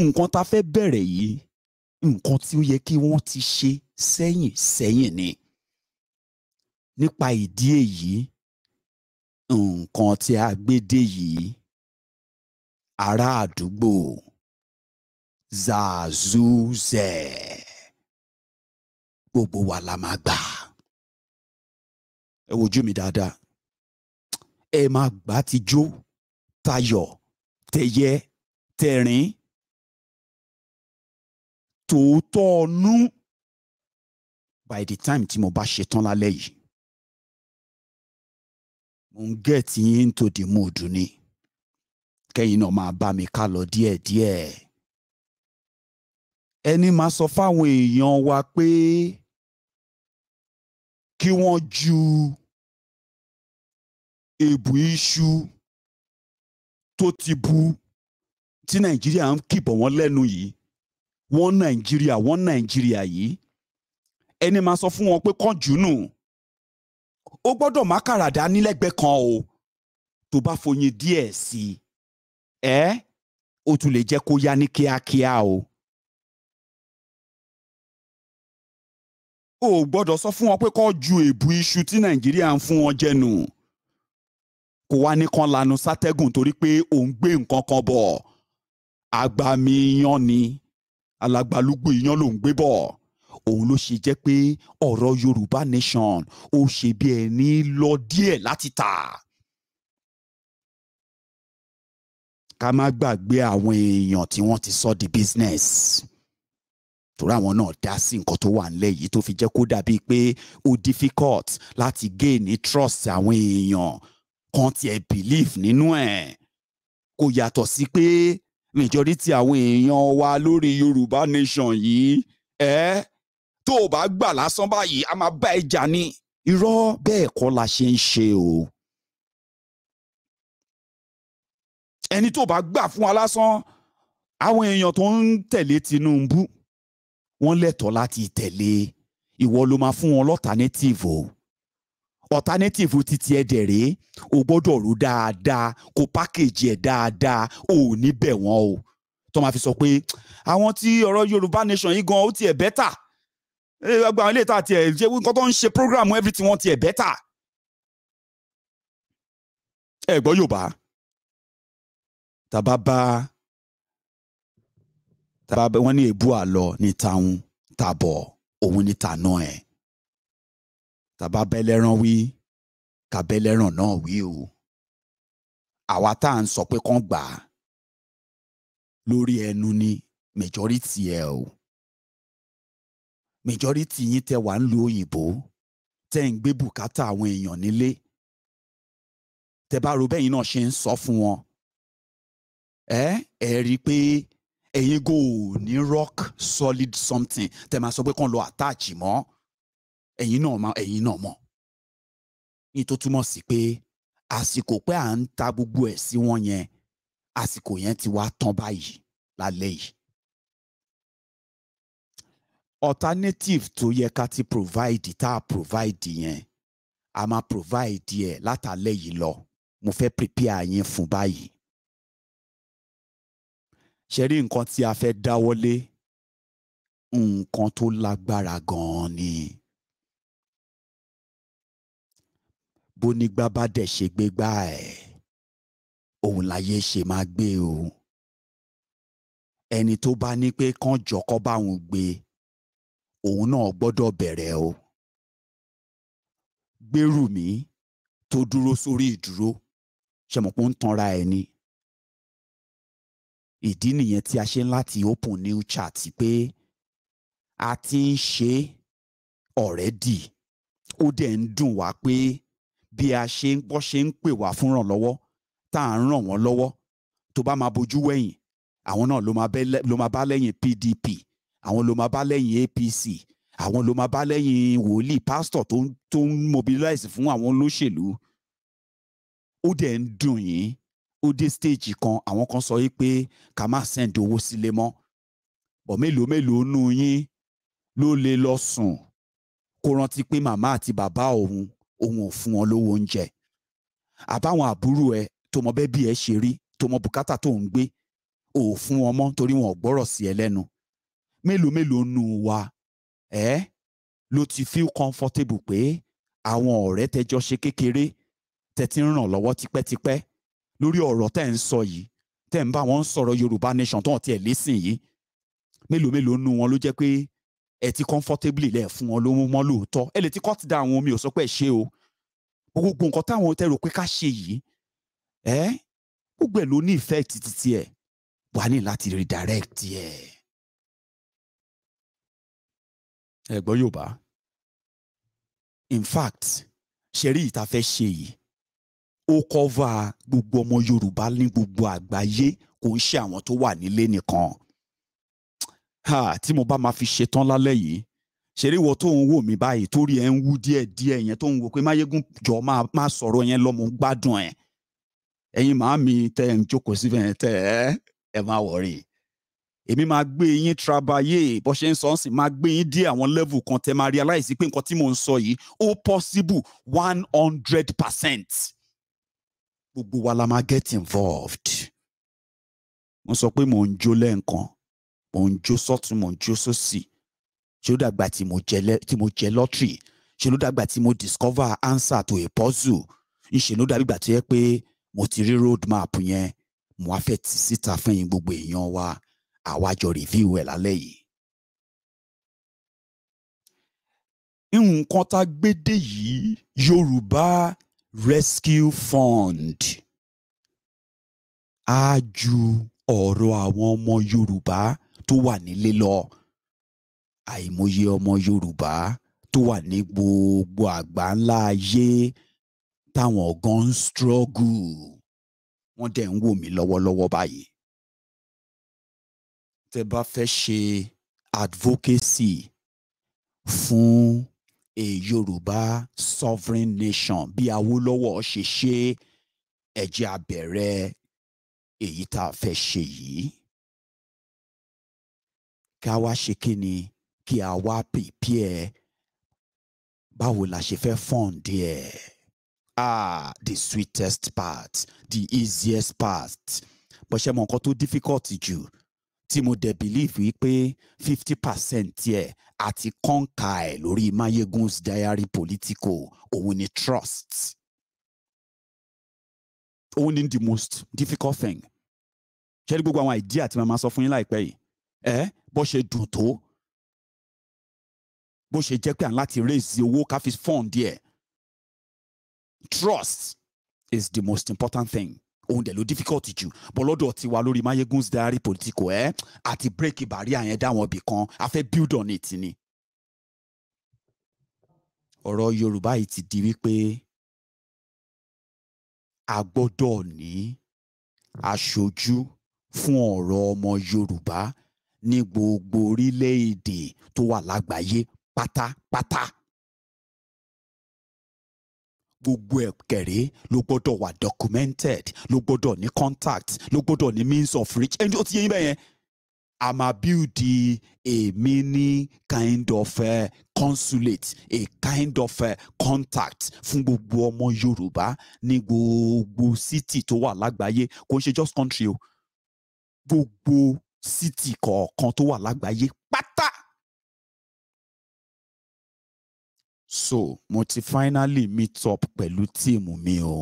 Speaker 2: nǹkan tá fẹ́ bẹ̀rẹ̀ yìí nǹkan tí ó yẹ kí wọ́n ti ṣe sẹ́yìn sẹ́yìn ni nípa ìdí èyí nǹkan tí a gbé dé yìí ará àdúgbò zazuzẹ gbogbo wa la máa gbà ẹ wojú mi dáadáa ẹ máa gbà tijó tayọ̀ tẹ̀yẹ tẹ̀rín tòótọ́ ọnú by the time tí mo bá ṣe tán lálẹ́ yìí mo ń get yín into the mood ni kẹ́yìn náà máa bá mi ká lọ díẹ̀díẹ̀ ẹni máa sọ fáwọn èèyàn wa pé kí wọ́n ju èbù iṣu tó ti bu tí nàìjíríà ń kìbọ̀ wọ́n lẹ́nu yìí wọ́n nàìjíríà wọ́n nàìjíríà yìí ẹni máa sọ fún wọn pé kán jùnù ó gbọ́dọ̀ má kàràdá nílẹ́gbẹ̀ẹ́ kan o tó bá foyin díẹ̀ sí i ẹ́ ó tún lè jẹ́ kó yá ní kíákíá o. o gbọ́dọ̀ sọ fún wọn pé kán ju èbù iṣu tí nàìjíríà ń fún wọn jẹ No kó wá ní kán lanu sátẹ́gùn torí pé òun gbé nǹkan kan bọ̀ agbami iyán ni alàgbàlúgbò iyán ló ń gbé bọ̀ òun ló ṣe jẹ́ pé ọ̀rọ̀ Yorùbá nation ó ṣe bí ẹni lọ díẹ̀ láti tà. ká má gbàgbé àwọn èèyàn tí wọ́n ti sọ di business torí àwọn náà dá sí nǹkan tó wà nílẹ̀ yìí tó fi jẹ́ kó dàbíi pé ó difficult láti gain trust àwọn èèyàn kan tiẹ̀ belief nínú ẹ̀ kò yàtọ̀ sí pé majority àwọn èèyàn wa lórí Yorùbá nation yìí ẹ tó o bá gbà lásán báyìí a máa bá ẹ jà ní irọ́ bẹ́ẹ̀ kọ́ la ṣe ń ṣe o. ẹni tó bá gbà fún wa lásán àwọn èèyàn tó ń tẹ̀lé Tinubu wọ́n lẹ́tọ̀ọ́ láti tẹ̀lé ìwọ ló máa fún wọn lọ́tà native o alternative titi ẹ dẹ̀ rèé o gbọ́dọ̀ rò dáadáa kó package ẹ̀ dáadáa o ò ní bẹ̀ wọ́n o tó máa fi sọ pé àwọn tí ọ̀rọ̀ Yorùbá nation yìí gan ó tiẹ̀ bẹ́tà gbogbo àwọn ilé ìta tiẹ̀ jẹ́ nǹkan tó ń ṣe program everything wọn tiẹ̀ bẹ́tà ẹ gbọ́ Yorùbá tàbá bá tàbá wọn ní èbú àlọ ní tàun tàbọ̀ òun ní tàná ẹ̀ tàbá bẹ́lẹ́ràn wí ká bẹ́lẹ́ràn náà wí o àwa tá à ń sọ pé kán gbà á lórí ẹnu ni majority ẹ o majority yín tẹ wà ń lu òyìnbó tẹ ń gbé bùkátà àwọn èèyàn nílé tẹ bá ro bẹ́yìn náà ṣe ń sọ fún wọn ẹ ẹ rí i pé ẹ̀yin gò ní rock solid something tẹ máa sọ pé kán lọ attach mọ́ ẹ̀yin náà mọ̀ ẹ̀yin náà mọ̀ ní tó túmọ̀ sí pé àsìkò pé à ń ta gbogbo ẹ̀ sí wọn yẹn àsìkò yẹn ti wá tán báyìí lálẹ́ yìí alternative tó yẹ ká ti provide tá a provide yẹn a máa provide ẹ̀ látàlẹ́ yìí lọ mo fẹ́ prepare yín fún báyìí ṣe rí nǹkan tí a fẹ́ dáwọ́lé nǹkan tó lágbára gan-an ni. bó nígbà bá dẹ̀ ṣe gbé gbá ẹ̀ òun láyé ṣe máa gbé o ẹni tó bá ní pé kán jọkọ́ báwọn gbé òun náà gbọ́dọ̀ bẹ̀rẹ̀ o gbèrú mi tó dúró sórí ìdúró ṣe mọ̀ pé ń tanra ẹ̀ ni ìdí nìyẹn tí a ṣe láti open new chat pé a ti ń ṣe ọ̀rẹ́dì ó dẹ̀ ń dùn wá pé bí a ṣe ń bọ́ ṣe ń pè wá fún ìrànlọ́wọ́ tá à ń ràn wọ́n lọ́wọ́ tó bá máa bojú wẹ̀yìn àwọn náà ló máa bá lẹ́yìn PDP àwọn ló máa bá lẹ́yìn APC àwọn ló máa bá lẹ́yìn wòlíì pásítọ̀ tó ń mobilize fún àwọn olóṣèlú ó dẹ̀ ń dùn yín ó dé stage kan àwọn kan sọ yìí pé ká má send owó sílé mọ́ bọ̀ mélòó mélòó nù yín ló lè lọ sùn kó rántí pé màmá àti bàbá òun òun ò fún wọn lówó oúnjẹ àbáwọn àbúrò ẹ tó mọ bẹ́ẹ̀ bí ẹ ṣe rí tó mọ bùkátà tó ń gbé ò fún wọn torí wọn ò gbọ́rọ̀ sí ẹ lẹ́nu mélòó mélòó nù wa ẹ eh? ló ti feel comfortable pé àwọn ọ̀rẹ́ tẹjọ ṣe kékeré tẹ ti ń ràn lọ́wọ́ tipẹ́tipẹ́ lórí ọ̀rọ̀ tẹ́ ń sọ yìí tẹ́ ń bá wọn sọ̀rọ̀ Yorùbá nation tó hàn tiẹ̀ lẹ́sìn yìí mélòó mélòó nù wọn ló jẹ́ pé ẹ ti comfortably lẹ fún wọn lówó mọ́ lóòótọ́ ẹ lè ti cut down àwọn omi ò sọ pé ẹ ṣe o gbogbo nǹkan táwọn tẹ rò pé ká ṣe yìí ẹ gbogbo ẹ ló ní ìfẹ́ títí tí ẹ wà ní láti redirect ẹ. ẹ Yorùbá in fact ṣẹ̀rí ìta fẹ́ ṣe yìí ó cover gbogbo ọmọ Yorùbá ní gbogbo àgbáyé kò ń ṣe àwọn tó wà nílé nìkan ha tí mo bá máa fi ṣetán lálẹ́ yìí ṣeré wọ tó ń wò mí báyìí torí ẹ ń wú díẹ̀ díẹ̀ yẹn tó ń wò pé máyégún jọ máa máa sọ̀rọ̀ yẹn lọ ń gbádùn ẹ ẹ̀yin màá mi tẹ ẹ ń jókòó síbẹ̀ yẹn tẹ ẹ ẹ máa wọ̀rí èmi máa gbé yín trabayé bó ṣe ń sọ ń sìn máa gbé yín dé àwọn level kan tẹ máa realize pé nǹkan tí mò ń sọ yìí ó possible one hundred percent gbogbo wa la máa get involved mo sọ pé mò ń jó lẹ́ǹkan mò ń jó sọ́tún mò ń jó sósì ṣé ló dàgbà tí mo jẹ lọ́tìrì ṣé ló dàgbà tí mo discover answer to a puzzle ńṣe ló dàbí ìgbà tó yẹ pé mo ti rí road map yẹn mo á fẹ́ tì síta fẹ́yìn gbogbo èèyàn wa àwa jọ review ẹ̀ lálẹ́ yìí. nǹkan tá a gbé dé yìí Yorùbá Rescue Fund á ju ọ̀rọ̀ àwọn ọmọ Yorùbá tó wà nílé lọ àìmọye ọmọ Yorùbá tó wà ní gbogbo àgbá ńlá ayé táwọn ọ̀gán ń struggle wọ́n dẹ̀ ń wò mí lọ́wọ́lọ́wọ́ báyìí. tẹ́ bá fẹ́ ṣe advocacy fún a Yorùbá sovereign nation bí Awólọ́wọ̀ ṣe ṣe ẹ̀jẹ̀ abẹ̀rẹ̀ èyí tá a fẹ́ ṣe yìí ká wá ṣe kí ni kí a wá prepare báwo la ṣe fẹ́ fund ẹ̀ ah the sweetest part the easiest part bọ́sẹ̀ mọ̀ nǹkan tó difficult jù tí mo dẹ̀ believe wípé fifty percent ẹ̀ àti kọ́ńkà ẹ̀ lórí Mayegun's diary political òun ni trust òun ni the most difficult thing ṣé ní gbogbo àwọn idea tí màá sọ fún yín láìpẹ́ yìí ẹ bó ṣe dùn tó bó ṣe jẹ́ pé à ń láti raise owó ká fi fund díẹ̀ trust is the most important thing òun dẹ̀ ló difficult jù bọ́ lọ́dọ̀ tiwa lórí Mayegun's Diary Politico eh àti break barrier yẹn dáwọn ibì kan a fẹ́ build on it ni. ọ̀rọ̀ Yorùbá yìí ti di wípé a gbọ́dọ̀ ní aṣojú fún ọ̀rọ̀ ọmọ Yorùbá ní gbogbo orílẹ̀-èdè tó wà lágbàáyé pátápátá gbogbo ẹ̀kẹ̀rẹ́ ló gbọ́dọ̀ wà documented ló gbọ́dọ̀ ní contact ló gbọ́dọ̀ ní means of reach ẹni tó ti yẹ yín bẹ́ẹ̀ yẹn a máa build a mini kind of uh, consulate a kind of uh, contact fún gbogbo ọmọ Yorùbá ní gbogbo city tó wà lágbàáyé kò ń ṣe just country o gbogbo city kọ̀ọ̀kan tó wà lágbàáyé pátá. So mo ti finally meet up pẹ̀lú tíìmù mi o.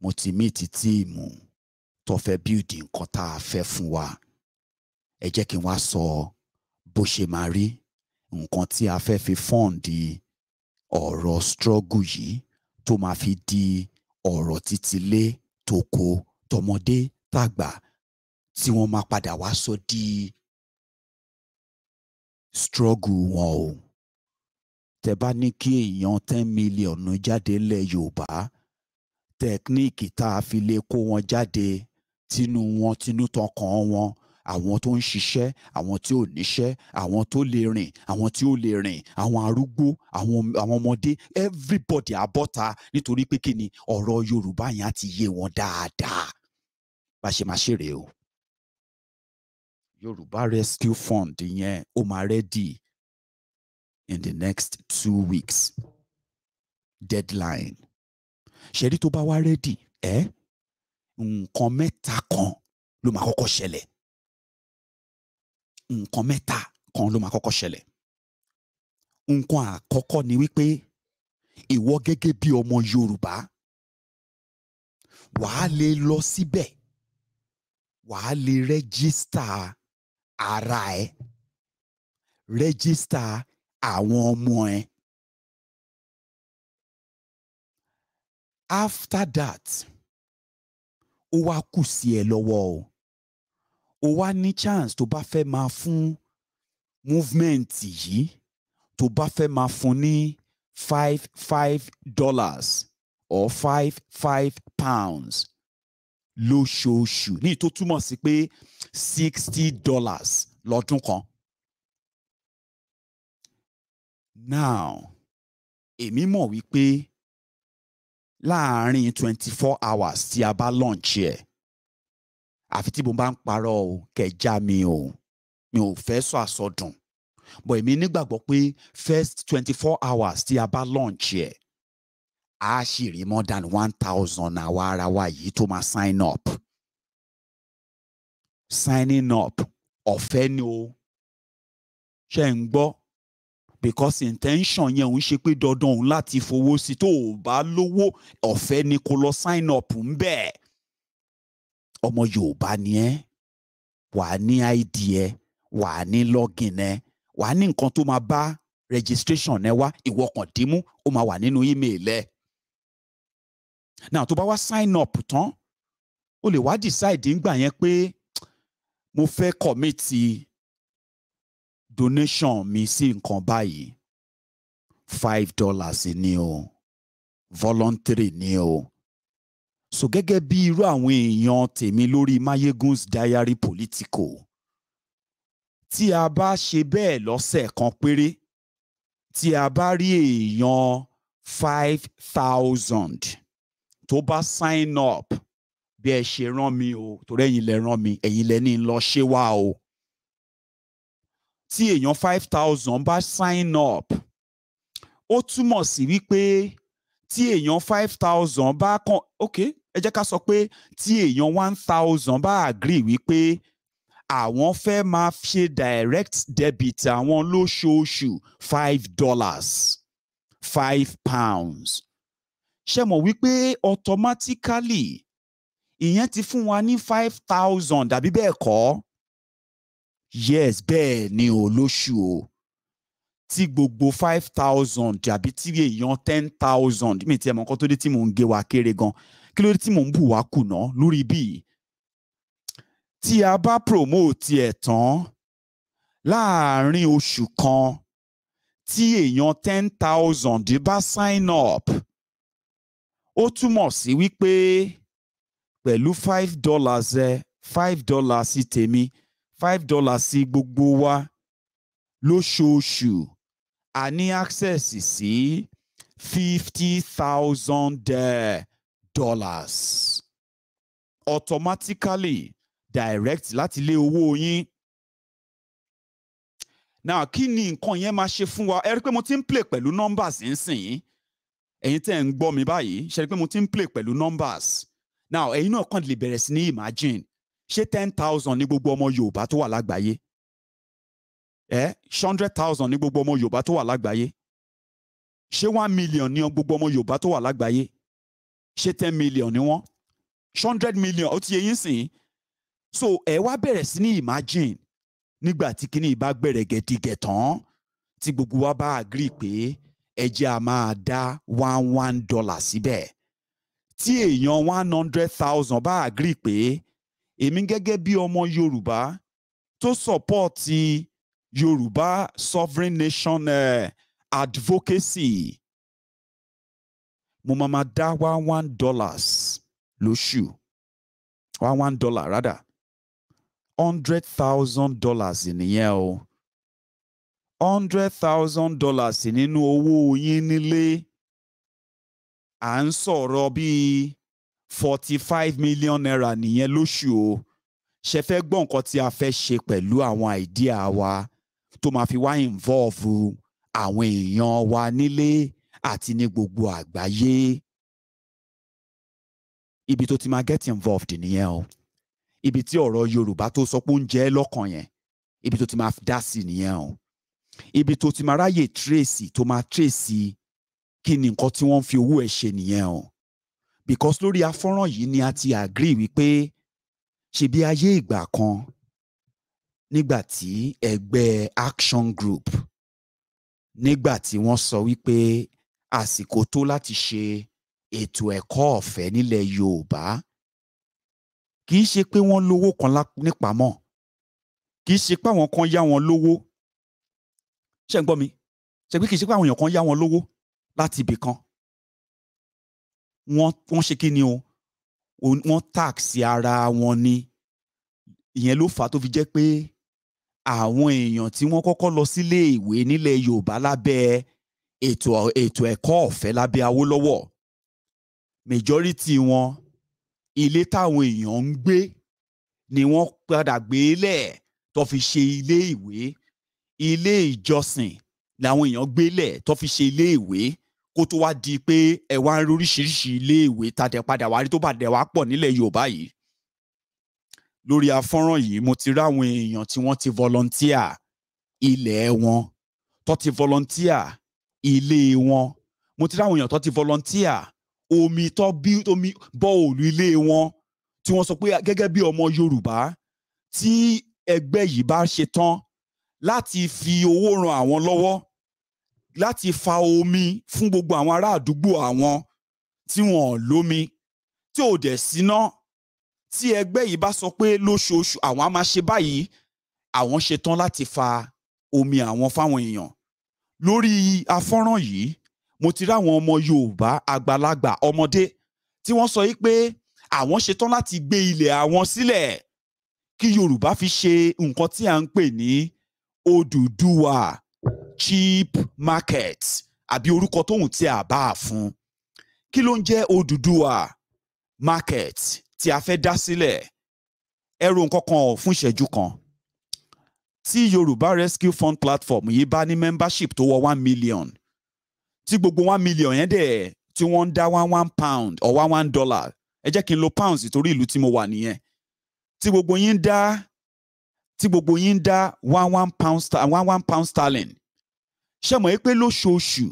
Speaker 2: Mo ti meet tíìmù tó fẹ́ build nǹkan tá a fẹ́ fún wa. Ẹ jẹ́ kí n wá sọ bó ṣe máa rí nǹkan tí a fẹ́ fi fọ́ǹdì ọ̀rọ̀ struggle yìí tó máa fi di ọ̀rọ̀ títílé toko tọmọdé tàgbà tí wọ́n máa padà wá sọ di struggle wọn o tẹ́ bá ní kí èèyàn ten million jáde lẹ̀ Yorùbá tẹkníìkì tá a fi lè kó wọn jáde tinú wọn tinú tán kàn wọn àwọn tó ń ṣiṣẹ́ àwọn tí ò níṣẹ́ àwọn tó lè rìn àwọn tí ò lè rìn àwọn arúgbó àwọn ọmọdé everybody abọ́ta nítorí pé kí ni ọ̀rọ̀ Yorùbá yẹn á ti yé wọn dáadáa bá ṣe máa ṣe rèé o. Yoruba Rescue Fund yẹn ó máa ready in the next two weeks deadline ṣẹ́rí tó bá wá ready ẹ́ nǹkan mẹ́ta kan ló máa kọ́kọ́ ṣẹlẹ̀ nǹkan mẹ́ta kan ló máa kọ́kọ́ ṣẹlẹ̀ nǹkan àkọ́kọ́ ni wípé ìwọ gẹ́gẹ́ bí ọmọ Yorùbá wàá lè lọ síbẹ̀ wàá lè rẹ́gísítà ara ẹ rẹ́gísítà àwọn ọmọ ẹ. after that ó wá kù sí ẹ lọ́wọ́ o ó wá ní chance tó bá fẹ́ máa fún movement yìí tó bá fẹ́ máa fún ní five five dollars or five five pounds lóṣooṣù ní tó túmọ̀ sí pé sixty dollars lọ́dún kan. now èmi mọ̀ wípé láàárín twenty four hours tí a bá launch ẹ̀ àfi tí mo bá ń parọ́ o kẹjá mi o mi ò fẹ́ sọ àsọdùn but èmi nígbàgbọ́ pé first twenty four hours tí a bá launch ẹ̀ a ṣì rí more than one thousand àwa ara wa yìí tó máa sign up signing up ọ̀fẹ́ ni o ṣe ń gbọ́ because intention yẹn òun ṣe pé dandan òun láti fowó sí tó o bá lówó ọ̀fẹ́ ni kó lọ sign up ń bẹ̀ ọmọ Yorùbá ni ẹ wà á ní ID ẹ wà á ní login ẹ wà á ní nǹkan tó máa bá registration ẹ wá ìwọ kàn dìímú ó máa wà nínú email ẹ now tó bá wá sign up tán o lè wá decide ńgbà yẹn pé mo fẹ́ kọ̀mìtì donation mi sí nǹkan báyìí five dollars ni o voluntary ni o so gẹ́gẹ́ bí irú àwọn èèyàn tèmi lórí Mayegun's Diary political. tí a bá ṣe bẹ́ẹ̀ lọ́sẹ̀ kan péré tí a bá rí èèyàn five thousand tó bá sign up bí ẹ ṣe rán mi o torí ẹ̀yin lẹ rán mi ẹ̀yin lẹ ní lọ ṣé wá o tí èèyàn five thousand bá sign up ó túmọ̀ sí wípé tí èèyàn five thousand bá kàn ok ẹ jẹ́ ká sọ pé tí èèyàn one thousand bá agree wípé àwọn fẹ́ máa ṣe direct debit àwọn lóṣooṣù five dollars five pounds ṣe mọ̀ wípé automatically ìyẹn ti fún wa ní five thousand àbí bẹ́ẹ̀ kọ́ yes bẹ́ẹ̀ ni olóṣù o tí gbogbo five thousand àbí tí èèyàn ten thousand mi ti ẹ̀ mọ̀ nǹkan tó dé tí mò ń gé wa kéré gan kí ló dé tí mò ń bù wá kùnà lórí bíi tí a bá promote ẹ̀ tán láàárín oṣù kan tí èèyàn ten thousand bá sign up ó túmọ̀ sí wípé pẹ̀lú five dollars ẹ five dollars sí tèmi five dollars sí gbogbo wa lóṣooṣù a ní access sí fifty thousand dollars automatically direct láti lé owó yín. Now kí ni nǹkan yẹn máa ṣe fún wa? Ẹ rí pé mo ti ń play pẹ̀lú numbers nísìnyí. Ẹ̀yin tẹ́ ń gbọ́ mi báyìí, ṣe rí pé mo ti ń play pẹ̀lú numbers now ẹ̀yin náà kàn lè bẹ̀rẹ̀ sí ní imagine ṣé ten thousand ní gbogbo ọmọ Yorùbá tó wà lágbàáyé ẹ hundred thousand ní gbogbo ọmọ Yorùbá tó wà lágbàáyé ṣé one million ní gbogbo ọmọ Yorùbá tó wà lágbàáyé ṣé ten million ní wọ́n hundred million ó ti yẹ yín sìn so ẹ wá bẹ̀rẹ̀ sí ní imagine nígbà tí kíní ìbá gbẹ̀rẹ̀ gẹ̀dígẹ̀ tán tí gbogbo wa bá agree pé ẹ jẹ́ a máa dá one one dollar síbẹ̀. Si tí èèyàn one hundred thousand bá agree pé èmi gẹ́gẹ́ bí ọmọ Yorùbá tó sọ́pọ́ọ̀tì Yorùbá sovereign nation uh, advocacy mo máa ma dá one one dollars lóṣù one one dollar rather hundred thousand dollars nìyẹn o hundred thousand dollars nínú owó yín nílé à ń sọ̀rọ̀ bíi forty five million naira nìyẹn lóṣù o ṣe fẹ́ gbọ́ nǹkan tí a fẹ́ ṣe pẹ̀lú àwọn àìdíà wa tó máa fi wá involve àwọn èèyàn wa nílé àti ní gbogbo àgbáyé ibi tó ti máa get involved nìyẹn o ibi tí ọ̀rọ̀ Yorùbá tó sọ pé ó ń jẹ́ lọ́kàn yẹn ibi tó ti máa dá sí nìyẹn o ibi tó ti máa ráyè tracy tó máa tracy kí ni nǹkan tí wọ́n fi owó ẹ̀ ṣe nìyẹn o because lórí afọ́nrán yìí ni a ti agree wípé ṣebí ayé ìgbà kan nígbà tí ẹgbẹ́ action group nígbà tí wọ́n sọ wípé àsìkò tó láti ṣe ètò ẹ̀kọ́ ọ̀fẹ́ nílẹ̀ Yorùbá kì í ṣe pé wọ́n lówó kan nípamọ́ kì í ṣe pé àwọn kan yá wọn lówó ṣé ń gbọ́ mi ṣé pé kì í ṣe pé àwọn èèyàn kan yá wọn lówó láti ibì kan wọ́n wọ́n ṣe kí ni o wọ́n taxi ara wọn ni ìyẹn ló fà á tó fi jẹ́ pé àwọn èèyàn tí wọ́n kọ́kọ́ lọ sílé ìwé Yorùbá lábẹ́ ètò ètò ẹ̀kọ́ ọ̀fẹ́ lábẹ́ majority wọn ilé táwọn èèyàn ń gbé ni wọ́n padà gbé lẹ̀ tó fi ṣe ilé ìwé ilé ìjọsìn làwọn èèyàn gbé lẹ̀ tó fi ṣe ilé ìwé kó tó wá di pé ẹ wá ń oríṣiríṣi iléèwé tàdé padà wá rí tó bàdé wá pọ̀ nílẹ̀ Yorùbá yìí lórí afọ́nrán yìí mo ti rí èèyàn tí wọ́n ti volunteer ilẹ̀ wọn tó ti volunteer ilé wọn mo ti rí èèyàn tó ti volunteer omi tó bí omi bọ́ òòlù ilé wọn tí wọ́n sọ pé gẹ́gẹ́ bí ọmọ Yorùbá tí ẹgbẹ́ yìí bá ṣe tán láti fi owó ran àwọn lọ́wọ́ láti fa omi fún gbogbo àwọn ará àdúgbò àwọn tí wọn lómi tí ò dẹ̀ síná tí ẹgbẹ́ yìí bá sọ pé lóṣooṣù àwọn á máa ṣe báyìí àwọn ṣetán láti fa omi àwọn fáwọn èèyàn lórí afọ́nrán yìí mo ti ráwọn ọmọ Yorùbá àgbàlagbà ọmọdé tí wọ́n sọ pé àwọn ṣetán láti gbé ilẹ̀ àwọn sílẹ̀ kí Yorùbá fi ṣe nǹkan tí à ń pè ní Odùduwà cheap market àbí orúkọ tóun tí a bá a fún kí ló ń jẹ́ Odùduwà market tí a fẹ́ dá sílẹ̀ ẹrù nǹkan kan fún ìṣẹ́jú kan tí Yorùbá Rescue Fund platform yìí bá ní membership tó wọ one million tí gbogbo one million yẹn dẹ̀ tí wọ́n ń dá one one pound or one one dollar ẹ jẹ́ kí n lo pounds torí ìlú tí mo wà nìyẹn tí gbogbo yín dá tí gbogbo yín dá one one pound one one pound sterling ṣe mọ̀ pé lóṣooṣù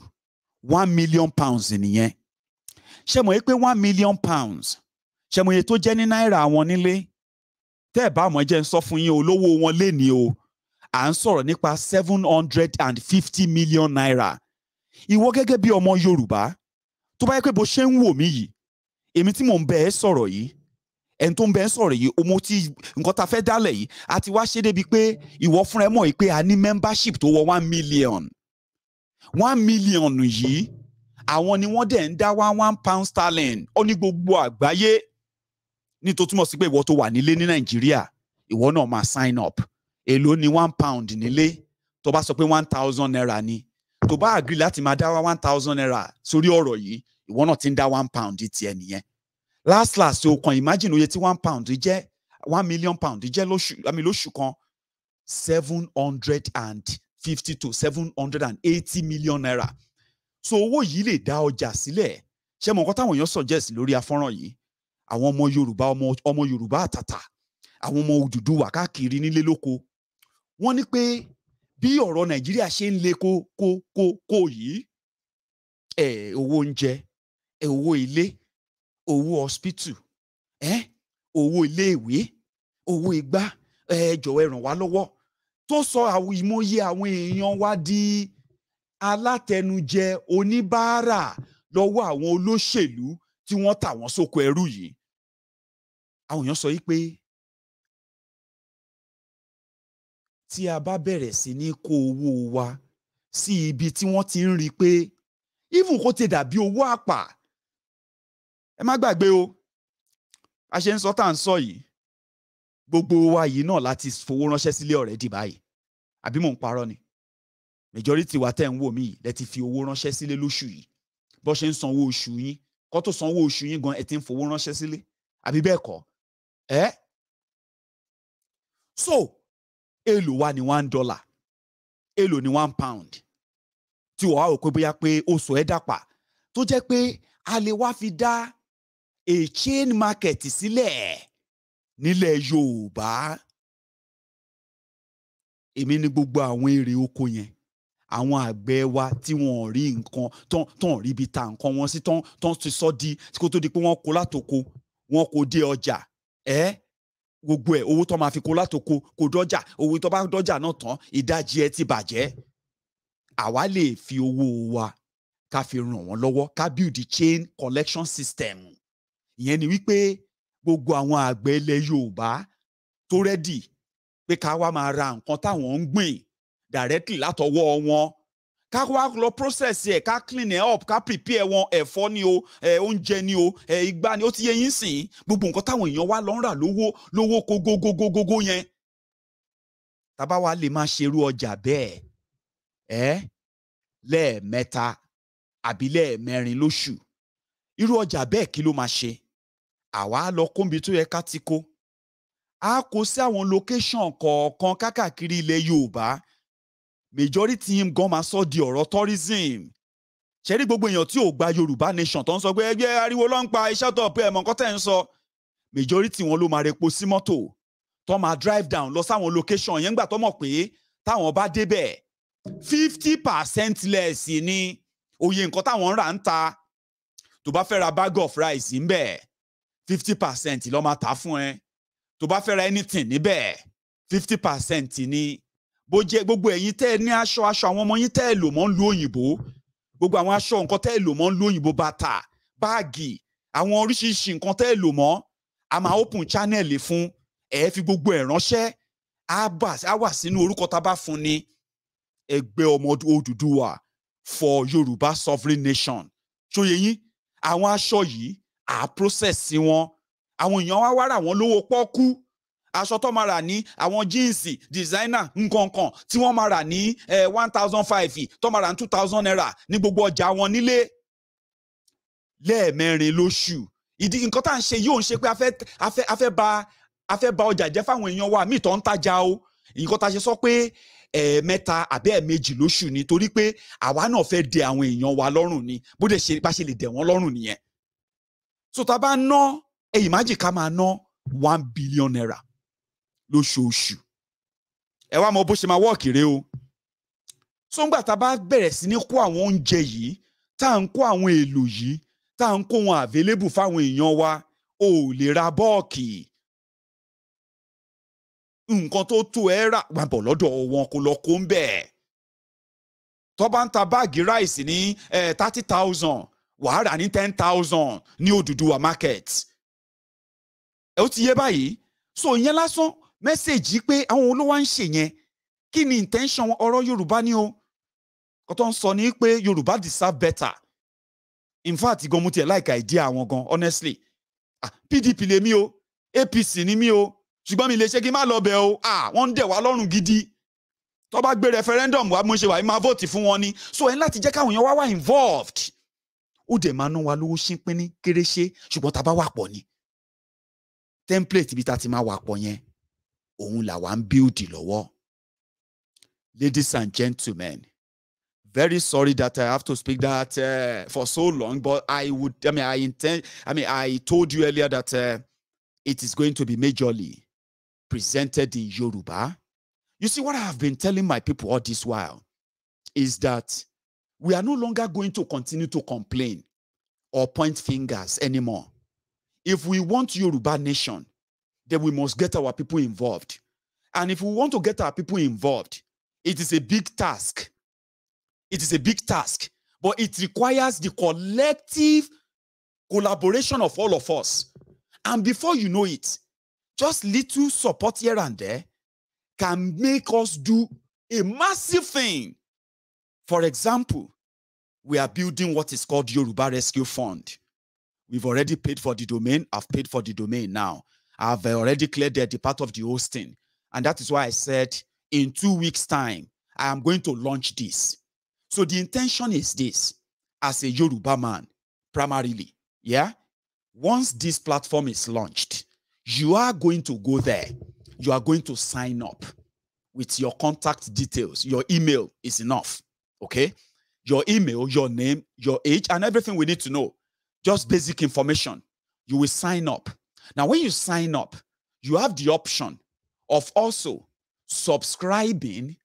Speaker 2: one million pounds nìyẹn ṣe mọ̀ pé one million pounds ṣe mọ̀ iye tó jẹ́ ní náírà wọn nílé tẹ́ ẹ̀ bá ọmọ jẹ́ ń sọ fún yín olówó wọn lé ní o à ń sọ̀rọ̀ nípa seven hundred and fifty million naira ìwọ gẹ́gẹ́ bí ọmọ Yorùbá tó bá yẹ pé bó ṣe ń wò mí yìí èmi tí mò ń bẹ ẹ sọ̀rọ̀ yìí ẹni tó ń bẹ ẹ sọ̀rọ̀ yìí ọmọ tí nǹkan ta fẹ́ dálẹ̀ yìí a wá ṣe débi pé ìwọ fúnra ẹ mọ̀ yìí pé a ní membership tó wọ one million one million yìí àwọn ni wọ́n dẹ̀ ń dá one one pound sterling ó ní gbogbo àgbáyé ní tó túmọ̀ sí pé ìwọ tó wà nílé ní nàìjíríà ìwọ náà máa sign up èló ni one pound nílé tó bá sọ pé one thousand naira ni tó bá agree láti máa dá one thousand naira sórí ọ̀rọ̀ yìí ìwọ náà ti ń dá one pound tiẹ̀ nìyẹn last last o kan imagine oye tí one pound jẹ́ one million pound jẹ́ lóṣù àmì lóṣù kan seven hundred and fifty to seven hundred and eighty million naira so owó yìí lè dá ọjà sílẹ̀ ṣé mọ̀ nǹkan táwọn èèyàn suggest lórí afọ́nrán yìí àwọn ọmọ Yorùbá ọmọ Yorùbá àtàtà àwọn ọmọ Odùduwà káàkiri nílé lóko wọ́n ní pé bí ọ̀rọ̀ Nàìjíríà ṣe ń le kókókókó yìí ẹ̀ owó oúnjẹ ẹ̀ owó ilé owó hospital ẹ̀ owó iléèwé owó igbá ẹ̀ jọ̀wọ́ ẹ ràn wá lọ́wọ́ tó sọ àwọn ìmọ̀ye àwọn èèyàn wa di alátẹnujẹ oníbàárà lọ́wọ́ àwọn olóṣèlú tí wọ́n tà wọ́n sóko ẹrú yìí àwọn èèyàn sọ yìí pé tí a bá bẹ̀rẹ̀ sí ní kó owó wa sí ibi tí wọ́n ti ń rí i pé even kó ti dàbí owó àpà ẹ má gbàgbé o a ṣe ń sọ tá à ń sọ yìí gbogbo wa yìí náà láti fowó ránṣẹ́ sílé already báyìí àbí mò ń parọ́ ni majority wa tẹ̀ ń wò mí lẹ ti fi owó ránṣẹ́ sílé lóṣù yìí bó ṣe ń sanwó oṣù yín kó tó sanwó oṣù yín gan ẹ ti ń fowó ránṣẹ́ sílé àbí bẹ́ẹ̀ kọ́ ẹ́ so èlò wa ni one dollar èlò ni one pound tí wàá rò pé bóyá pé ó sọ ẹ́ dàpà tó jẹ́ pé a lè wá fi dá a chain market sílẹ̀ nílẹ̀ Yorùbá èmi ní gbogbo àwọn èrè oko yẹn àwọn àgbẹ̀ wa tí wọ́n rí nǹkan tán tán rí ibi ta nǹkan wọn sí tán tán ti sọ di kó tó di pé wọ́n kó látoko wọ́n kó dé ọjà ẹ́ gbogbo ẹ̀ owó tó máa fi kó látoko kó dọ́jà owó tó bá dọ́jà náà tán ìdajì ẹ̀ ti bàjẹ́ àwa lè fi owó wa ká fi ràn wọ́n lọ́wọ́ ká build chain collection system ìyẹn ni wípé gbogbo àwọn àgbẹ̀ ilẹ̀ Yorùbá tó rẹ́dì pé ká wá máa ra nǹkan táwọn ń gbìn directly látọwọ́ wọn ká wá lọ process ẹ̀ ká clean ẹ̀ up ká prepare wọn ẹ̀fọ́ ni o oúnjẹ ni o igbá ni ó ti yẹ yín sìn gbogbo nǹkan táwọn èèyàn wá lọ ń rà lówó lówó kógógógógó yẹn tábà wá lè máa ṣerú ọjà bẹ́ẹ̀ ẹ́ lẹ́ẹ̀mẹ́ta àbí lẹ́ẹ̀mẹ́rin lóṣù irú ọjà bẹ́ẹ̀ kí ló máa ṣe àwa lọ kóńbi tó yẹ ká ti kó a kó sí àwọn location kọ̀ọ̀kan kákàkiri ilẹ̀ Yorùbá majority him gan máa sọ di ọ̀rọ̀ tourism ṣẹ́rí gbogbo èèyàn tí ò gba Yorùbá nation tó ń sọ pé ẹgbẹ́ ariwo ló ń pa iṣẹ́ tó pé ẹ̀mọ́ nǹkan ń sọ majority wọn ló máa repo sí mọ́tò tó máa drive down lọ sáwọn location yẹn gbà tó mọ̀ pé táwọn bá débẹ̀ fifty percent less ni oye nǹkan táwọn ń rà ń ta tó bá fẹ́ ra bag of rice ń bẹ̀ fifty percent ló máa tà fún ẹ tó bá fẹ́ ra anything níbẹ̀ fifty percent ni bó jẹ́ gbogbo ẹ̀yin tẹ́ ẹ ní aṣọ aṣọ àwọn ọmọ yín tẹ́ ẹ lò mọ́ ń lo òyìnbó gbogbo àwọn aṣọ nǹkan tẹ́ ẹ lò mọ́ ń lo òyìnbó bàtà báàgì àwọn oríṣiríṣi nǹkan tẹ́ ẹ lò mọ́ a máa open channel fún ẹ fi gbogbo ẹ̀ ránṣẹ́ a wà sínú orúkọ tá a bá fún ni ẹgbẹ́ ọmọ Odùduwà for Yorùbá sovereign nation ṣòye yín àwọn aṣọ yìí à process wọn àwọn èèyàn wá wára àwọn lówó pọ́kú aṣọ tó máa rà ní àwọn jíǹsì designer nkankan tí wọ́n máa rà ní eh, one thousand five tó máa rà ní two thousand naira ní gbogbo ọjà wọn nílé lẹ́ẹ̀mẹrin lóṣù ìdí nǹkan tá à ń ṣe yóò ń ṣe pé a fẹ́ ba a fẹ́ ba ọjà jẹ́ fáwọn èèyàn wa míì tó ń tajà o nǹkan tá a ṣe sọ pé ẹ̀ẹ̀mẹ́ta àbí ẹ̀ẹ̀mejì lóṣù ni torí pé àwa náà fẹ́ dẹ àwọn èèyàn wa lọ́rùn ni bó dẹ̀ ṣe bá ṣe lè dẹ̀ wọ́n lọ́rùn nìyẹn so tá a bá ná ẹ imagine ká máa ná one billion naira lóṣooṣù ẹ wá mọ bó ṣe máa wọ́ọ̀kì rẹ o so ńgbà tá a bá bẹ̀rẹ̀ sí ní kó àwọn oúnjẹ yìí tá à ń kó àwọn èlò yìí tá à ń kó wọn available fáwọn èèyàn wa ò lè ra bọ́ọ̀kì nǹkan tó tó ẹ rà wà bọ̀ lọ́dọ̀ wọn kò lọ kó ń bẹ̀ tó bá ń ta báàgì ráìsì ní thirty thousand wàá rà ní ten thousand ní Odùduwà market ó ti yé báyìí so ìyẹn lásán mẹ́sẹ̀gì pé àwọn olówó ń ṣe yẹn kí ni intention ọ̀rọ̀ Yorùbá ni o kò tó ń sọ ni pé Yorùbá deserve better in fact gan mo tiẹ̀ like idea àwọn gan honestly ah, PDP lè mí o APC ni mí o ṣùgbọ́n mi lè ṣe kí n má lọ bẹ̀ o ah, wọ́n ń dẹ̀ wá lọ́rùn gidi tó bá gbé referendum wá mo ṣe wà á máa vote fún wọn ni so ẹ̀ ń láti jẹ́ káwọn èèyàn wá wá involved ó dẹ̀ máa ná wa lówó ṣínpín ní kéréṣé ṣùgbọ́n tá bá wà pọ̀ ni template ibi tá a ti máa wà pọ̀ yẹn òun làwa ń build lọ́wọ́ ladies and gentlemen very sorry that I have to speak that uh, for so long, but I would, I mean, I intend, I mean, I told you earlier that uh, it is going to be majorly presented in Yoruba. You see, what I have been telling my people all this while is that we are no longer going to continue to complain or point fingers anymore. If we want Yoruba nation, then we must get our people involved. And if we want to get our people involved, it is a big task. It is a big task, but it requires the collective collaboration of all of us. And before you know it, just little support here and there can make us do a massive thing for example, we are building what is called Yoruba Rescue Fund. We've already paid for the domain. I've paid for the domain now. I've uh, already cleared the, the part of the hosting. And that is why I said in two weeks' time, I am going to launch this. So the intention is this as a Yoruba man, primarily. Yeah. Once this platform is launched, you are going to go there. You are going to sign up with your contact details. Your email is enough okay? Your email, your name, your age, and everything we need to know. Just basic information. You will sign up. Now, when you sign up, you have the option of also subscribing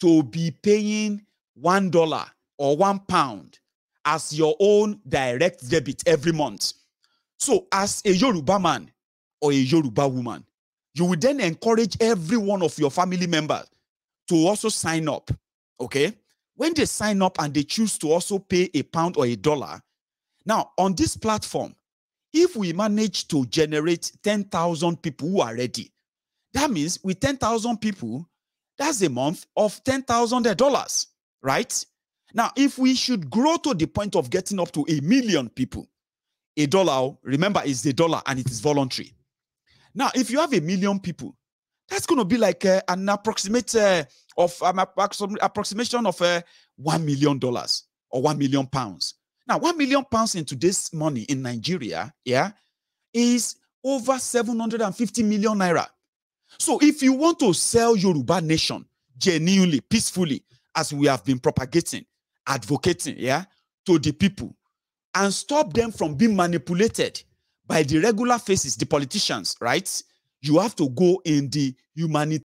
Speaker 2: to be paying $1 or £1 as your own direct debit every month. So, as a Yoruba man or a Yoruba woman, you will then encourage every one of your family members to also sign up. Okay when they sign up and they choose to also pay a pound or a dollar, now on this platform, if we manage to generate 10,000 people who are ready, that means with 10,000 people, that's a month of $10,000, right? Now, if we should grow to the point of getting up to a million people, a dollar, remember, is a dollar and it is voluntary. Now, if you have a million people that's going to be like uh, an approximate uh, of um, approximation of uh, one million dollars or one million pounds. Now, one million pounds in today's money in Nigeria, yeah, is over 750 million naira. So, if you want to sell Yoruba nation genuinely, peacefully, as we have been propagating, advocating, yeah, to the people, and stop them from being manipulated by the regular faces, the politicians, right? you have to go in the humanity.